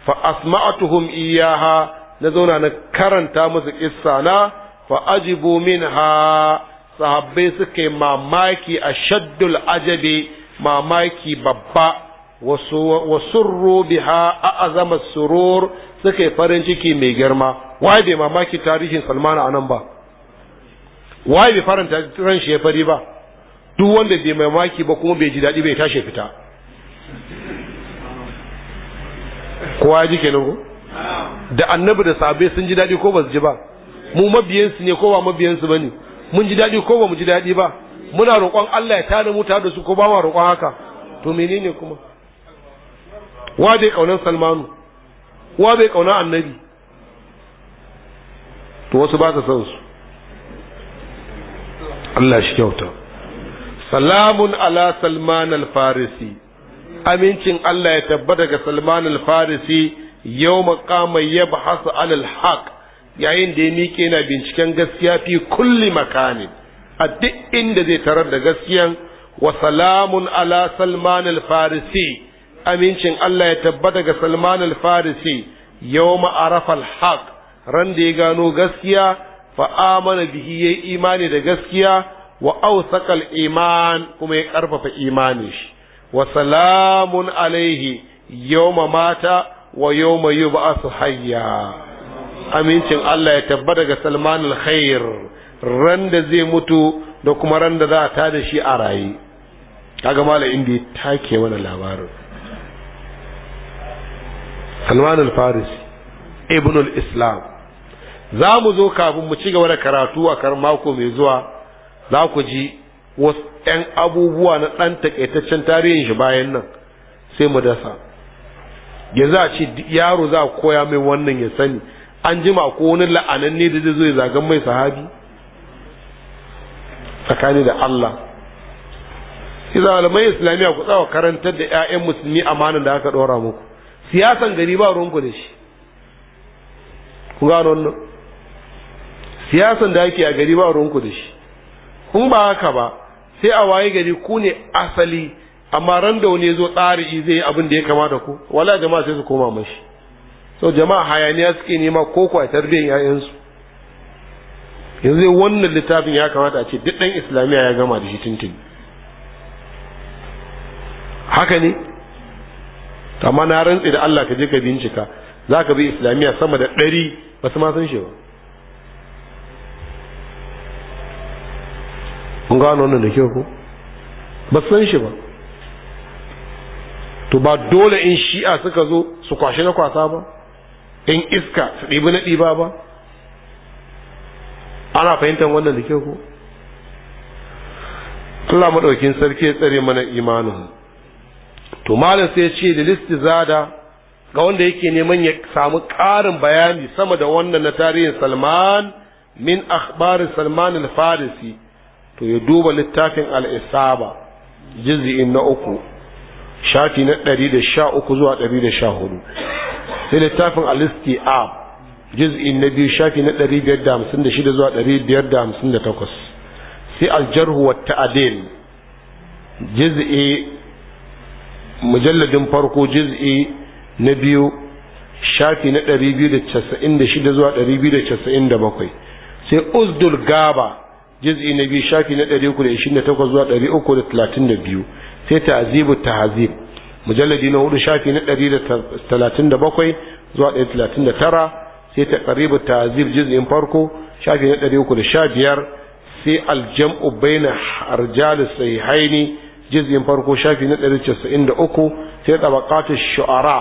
fa asma'atuhum iyaha na zauna na karanta musu kissa na fa ajibu minha sahabbai suka yi mamaki a shaddul ajabi mamaki babba wasurru biha a azama surur suka yi farin ciki mai girma wai bai mamaki tarihin salmana a nan ba wai bai faranta ran shi ya fari ba duk wanda bai mamaki ba kuma bai ji daɗi bai tashi fita kowa ya ji kenan ku. da annabi da sabai sun ji daɗi ko ba su ji ba mu mabiyansu ne ko ba mabiyansu ba ne mun ji daɗi ko ba mu ji daɗi ba muna roƙon Allah ya tada mu tare da su ko ba ma roƙon haka to menene kuma wa zai salmanu wa zai kauna annabi to wasu ba ka san su Allah shi kyauta salamun ala salman al-farisi amincin Allah ya tabbata ga salman al-farisi yau makamai ya bahasa alal haq yayin da ya miƙe na binciken gaskiya fi kulli makani a duk inda zai tarar da gaskiyan wa salamun ala salman al-farisi amincin Allah ya tabbata ga Salman al-Farisi yawma arafa al-haq ran da ya gano gaskiya fa amana bihi yayi imani da gaskiya wa awsaqal iman kuma ya karfafa imanin shi wa salamun alaihi yawma mata wa yawma yub'asu hayya amincin Allah ya tabbata ga Salman al-Khair ran da zai mutu da kuma ran da za a da shi a raye kaga mallam inda ya take wannan labarin salman al-farisi ibn al-islam za mu zo kafin mu ci gaba da karatu a kar mako mai zuwa za ku ji wasu 'yan abubuwa na ɗan takaitaccen tarihin shi bayan nan sai mu dasa ya za ce yaro za koya mai wannan ya sani an ma ko wani la'ananne da zai zo ya zagan mai sahabi tsakani da Allah idan alamai islamiyya ku tsawa karantar da 'ya'yan musulmi amanan da aka ɗora muku siyasan gari ba ruwanku da shi ku gano wannan siyasan da ake a gari ba ruwanku da shi kun ba haka ba sai a waye gari ku ne asali amma ran da wani zo tsari zai yi abin da ya kamata ku wala jama'a sai su koma mashi so jama'a hayaniya suke nema ko a tarbiyyar yayansu yanzu wannan littafin ya kamata a ce duk ɗan islamiya ya gama da shi tuntun. haka ne to amma na rantsi da Allah ka je ka bincika za ka bi islamiyya sama da ɗari ba su ma san shi ba kun ga wannan da kyau ko ba san shi ba to ba dole in shi'a suka zo su kwashe na kwasa ba in iska su ɗibi na ɗiba ba ana fahimtar wannan da kyau ko Allah maɗaukin sarki ya tsare mana imanin to malam sai ce da listi zada ga wanda yake neman ya samu ƙarin bayani sama da wannan na tarihin salman min akhbarin salman al-farisi to ya duba littafin al-isaba juz'in na uku shafi na ɗari da sha uku zuwa ɗari da sha hudu sai littafin al A jizi'in na biyu shafi na ɗari biyar da hamsin da shida zuwa ɗari biyar da hamsin da takwas sai al wa ta'adil juz'i mujalladin farko juz'i na biyu shafi na 296 zuwa 297 sai uzdul gaba juz'i na biyu shafi na 328 zuwa 332 sai ta'zibu tahzib mujalladi na hudu shafi na 137 zuwa 139 sai taqribu ta'zib juz'in farko shafi na 315 sai aljam'u baina arjalis sahihaini juz'in farko shafi na 193 sai tabaqatu shu'ara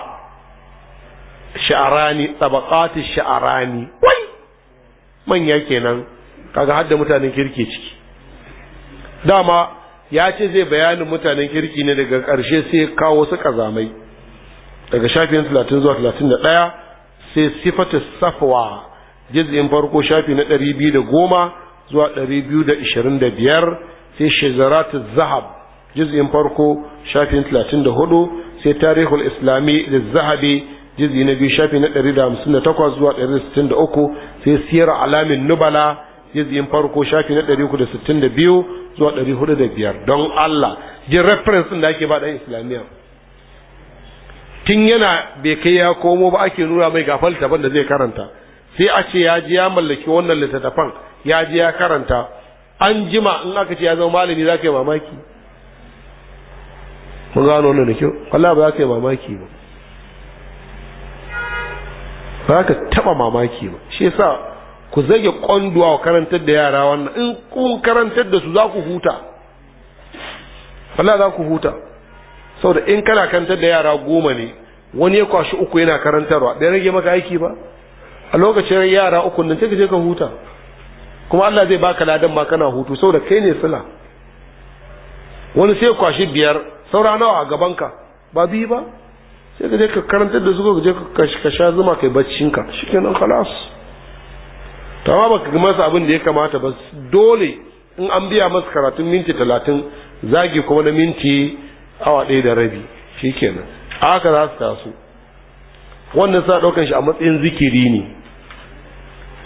sha'arani tabaqatu sha'arani wai manya kenan kaga hadda mutanen kirki ciki dama ya ce zai bayani mutanen kirki ne daga ƙarshe sai kawo su kazamai daga shafin 30 zuwa 31 sai sifatu safwa juz'in farko shafi na 210 zuwa 225 sai shajaratu zahab juz'in farko shafin 34 sai tarihul islami zahabi juz'i na biyu shafi na 158 zuwa 163 sai siyar alamin nubala juz'in farko shafi na 362 zuwa 405 don Allah jin reference da ake bada dan islamiyya tun yana bai kai ya komo ba ake nuna mai gafal taban da zai karanta sai a ce ya ji ya mallaki wannan littattafan ya ji ya karanta an jima in aka ce ya zama malami za ka yi mamaki mun gano wannan da kyau Allah ba za ka yi mamaki ba ba ka taba mamaki ba shi yasa ku zage kwanduwa wa karantar da yara wannan in kun karantar da su za ku huta Allah za ku huta saboda in kana karantar da yara goma ne wani ya kwashi uku yana karantarwa da ya rage maka aiki ba a lokacin yara uku nan take je ka huta kuma Allah zai baka ladan ma kana hutu saboda kai ne sula wani sai kwashi biyar saura nawa a gabanka ba biyu ba sai ka je ka karantar da su ka je ka sha zuma kai baccinka shikenan khalas ba ka gama masa abin da ya kamata ba dole in an biya masu karatun minti talatin zagi kuma na minti awa ɗaya da rabi shikenan haka za su taso wannan sa ɗaukan shi a matsayin zikiri ne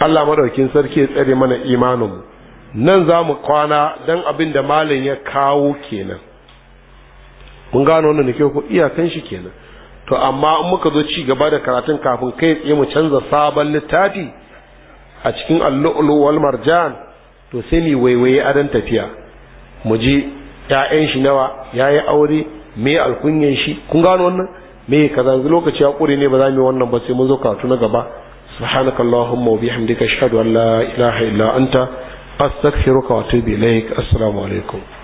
Allah madaukin sarki ya tsare mana imanin nan za mu kwana don abin da malam ya kawo kenan mun gano wannan da ke ko iyakan shi kenan to amma in muka zo ci gaba da karatun kafin kai tsaye mu canza sabon littafi a cikin allu'ulu wal marjan to sai ni waiwaye adan tafiya mu ji ƴaƴan shi nawa yayi aure me alkunyan shi kun gano wannan me kaza lokaci ya kure ne ba za mu yi wannan ba sai mun zo karatu na gaba سبحانك اللهم وبحمدك اشهد ان لا اله الا انت استغفرك واتوب اليك السلام عليكم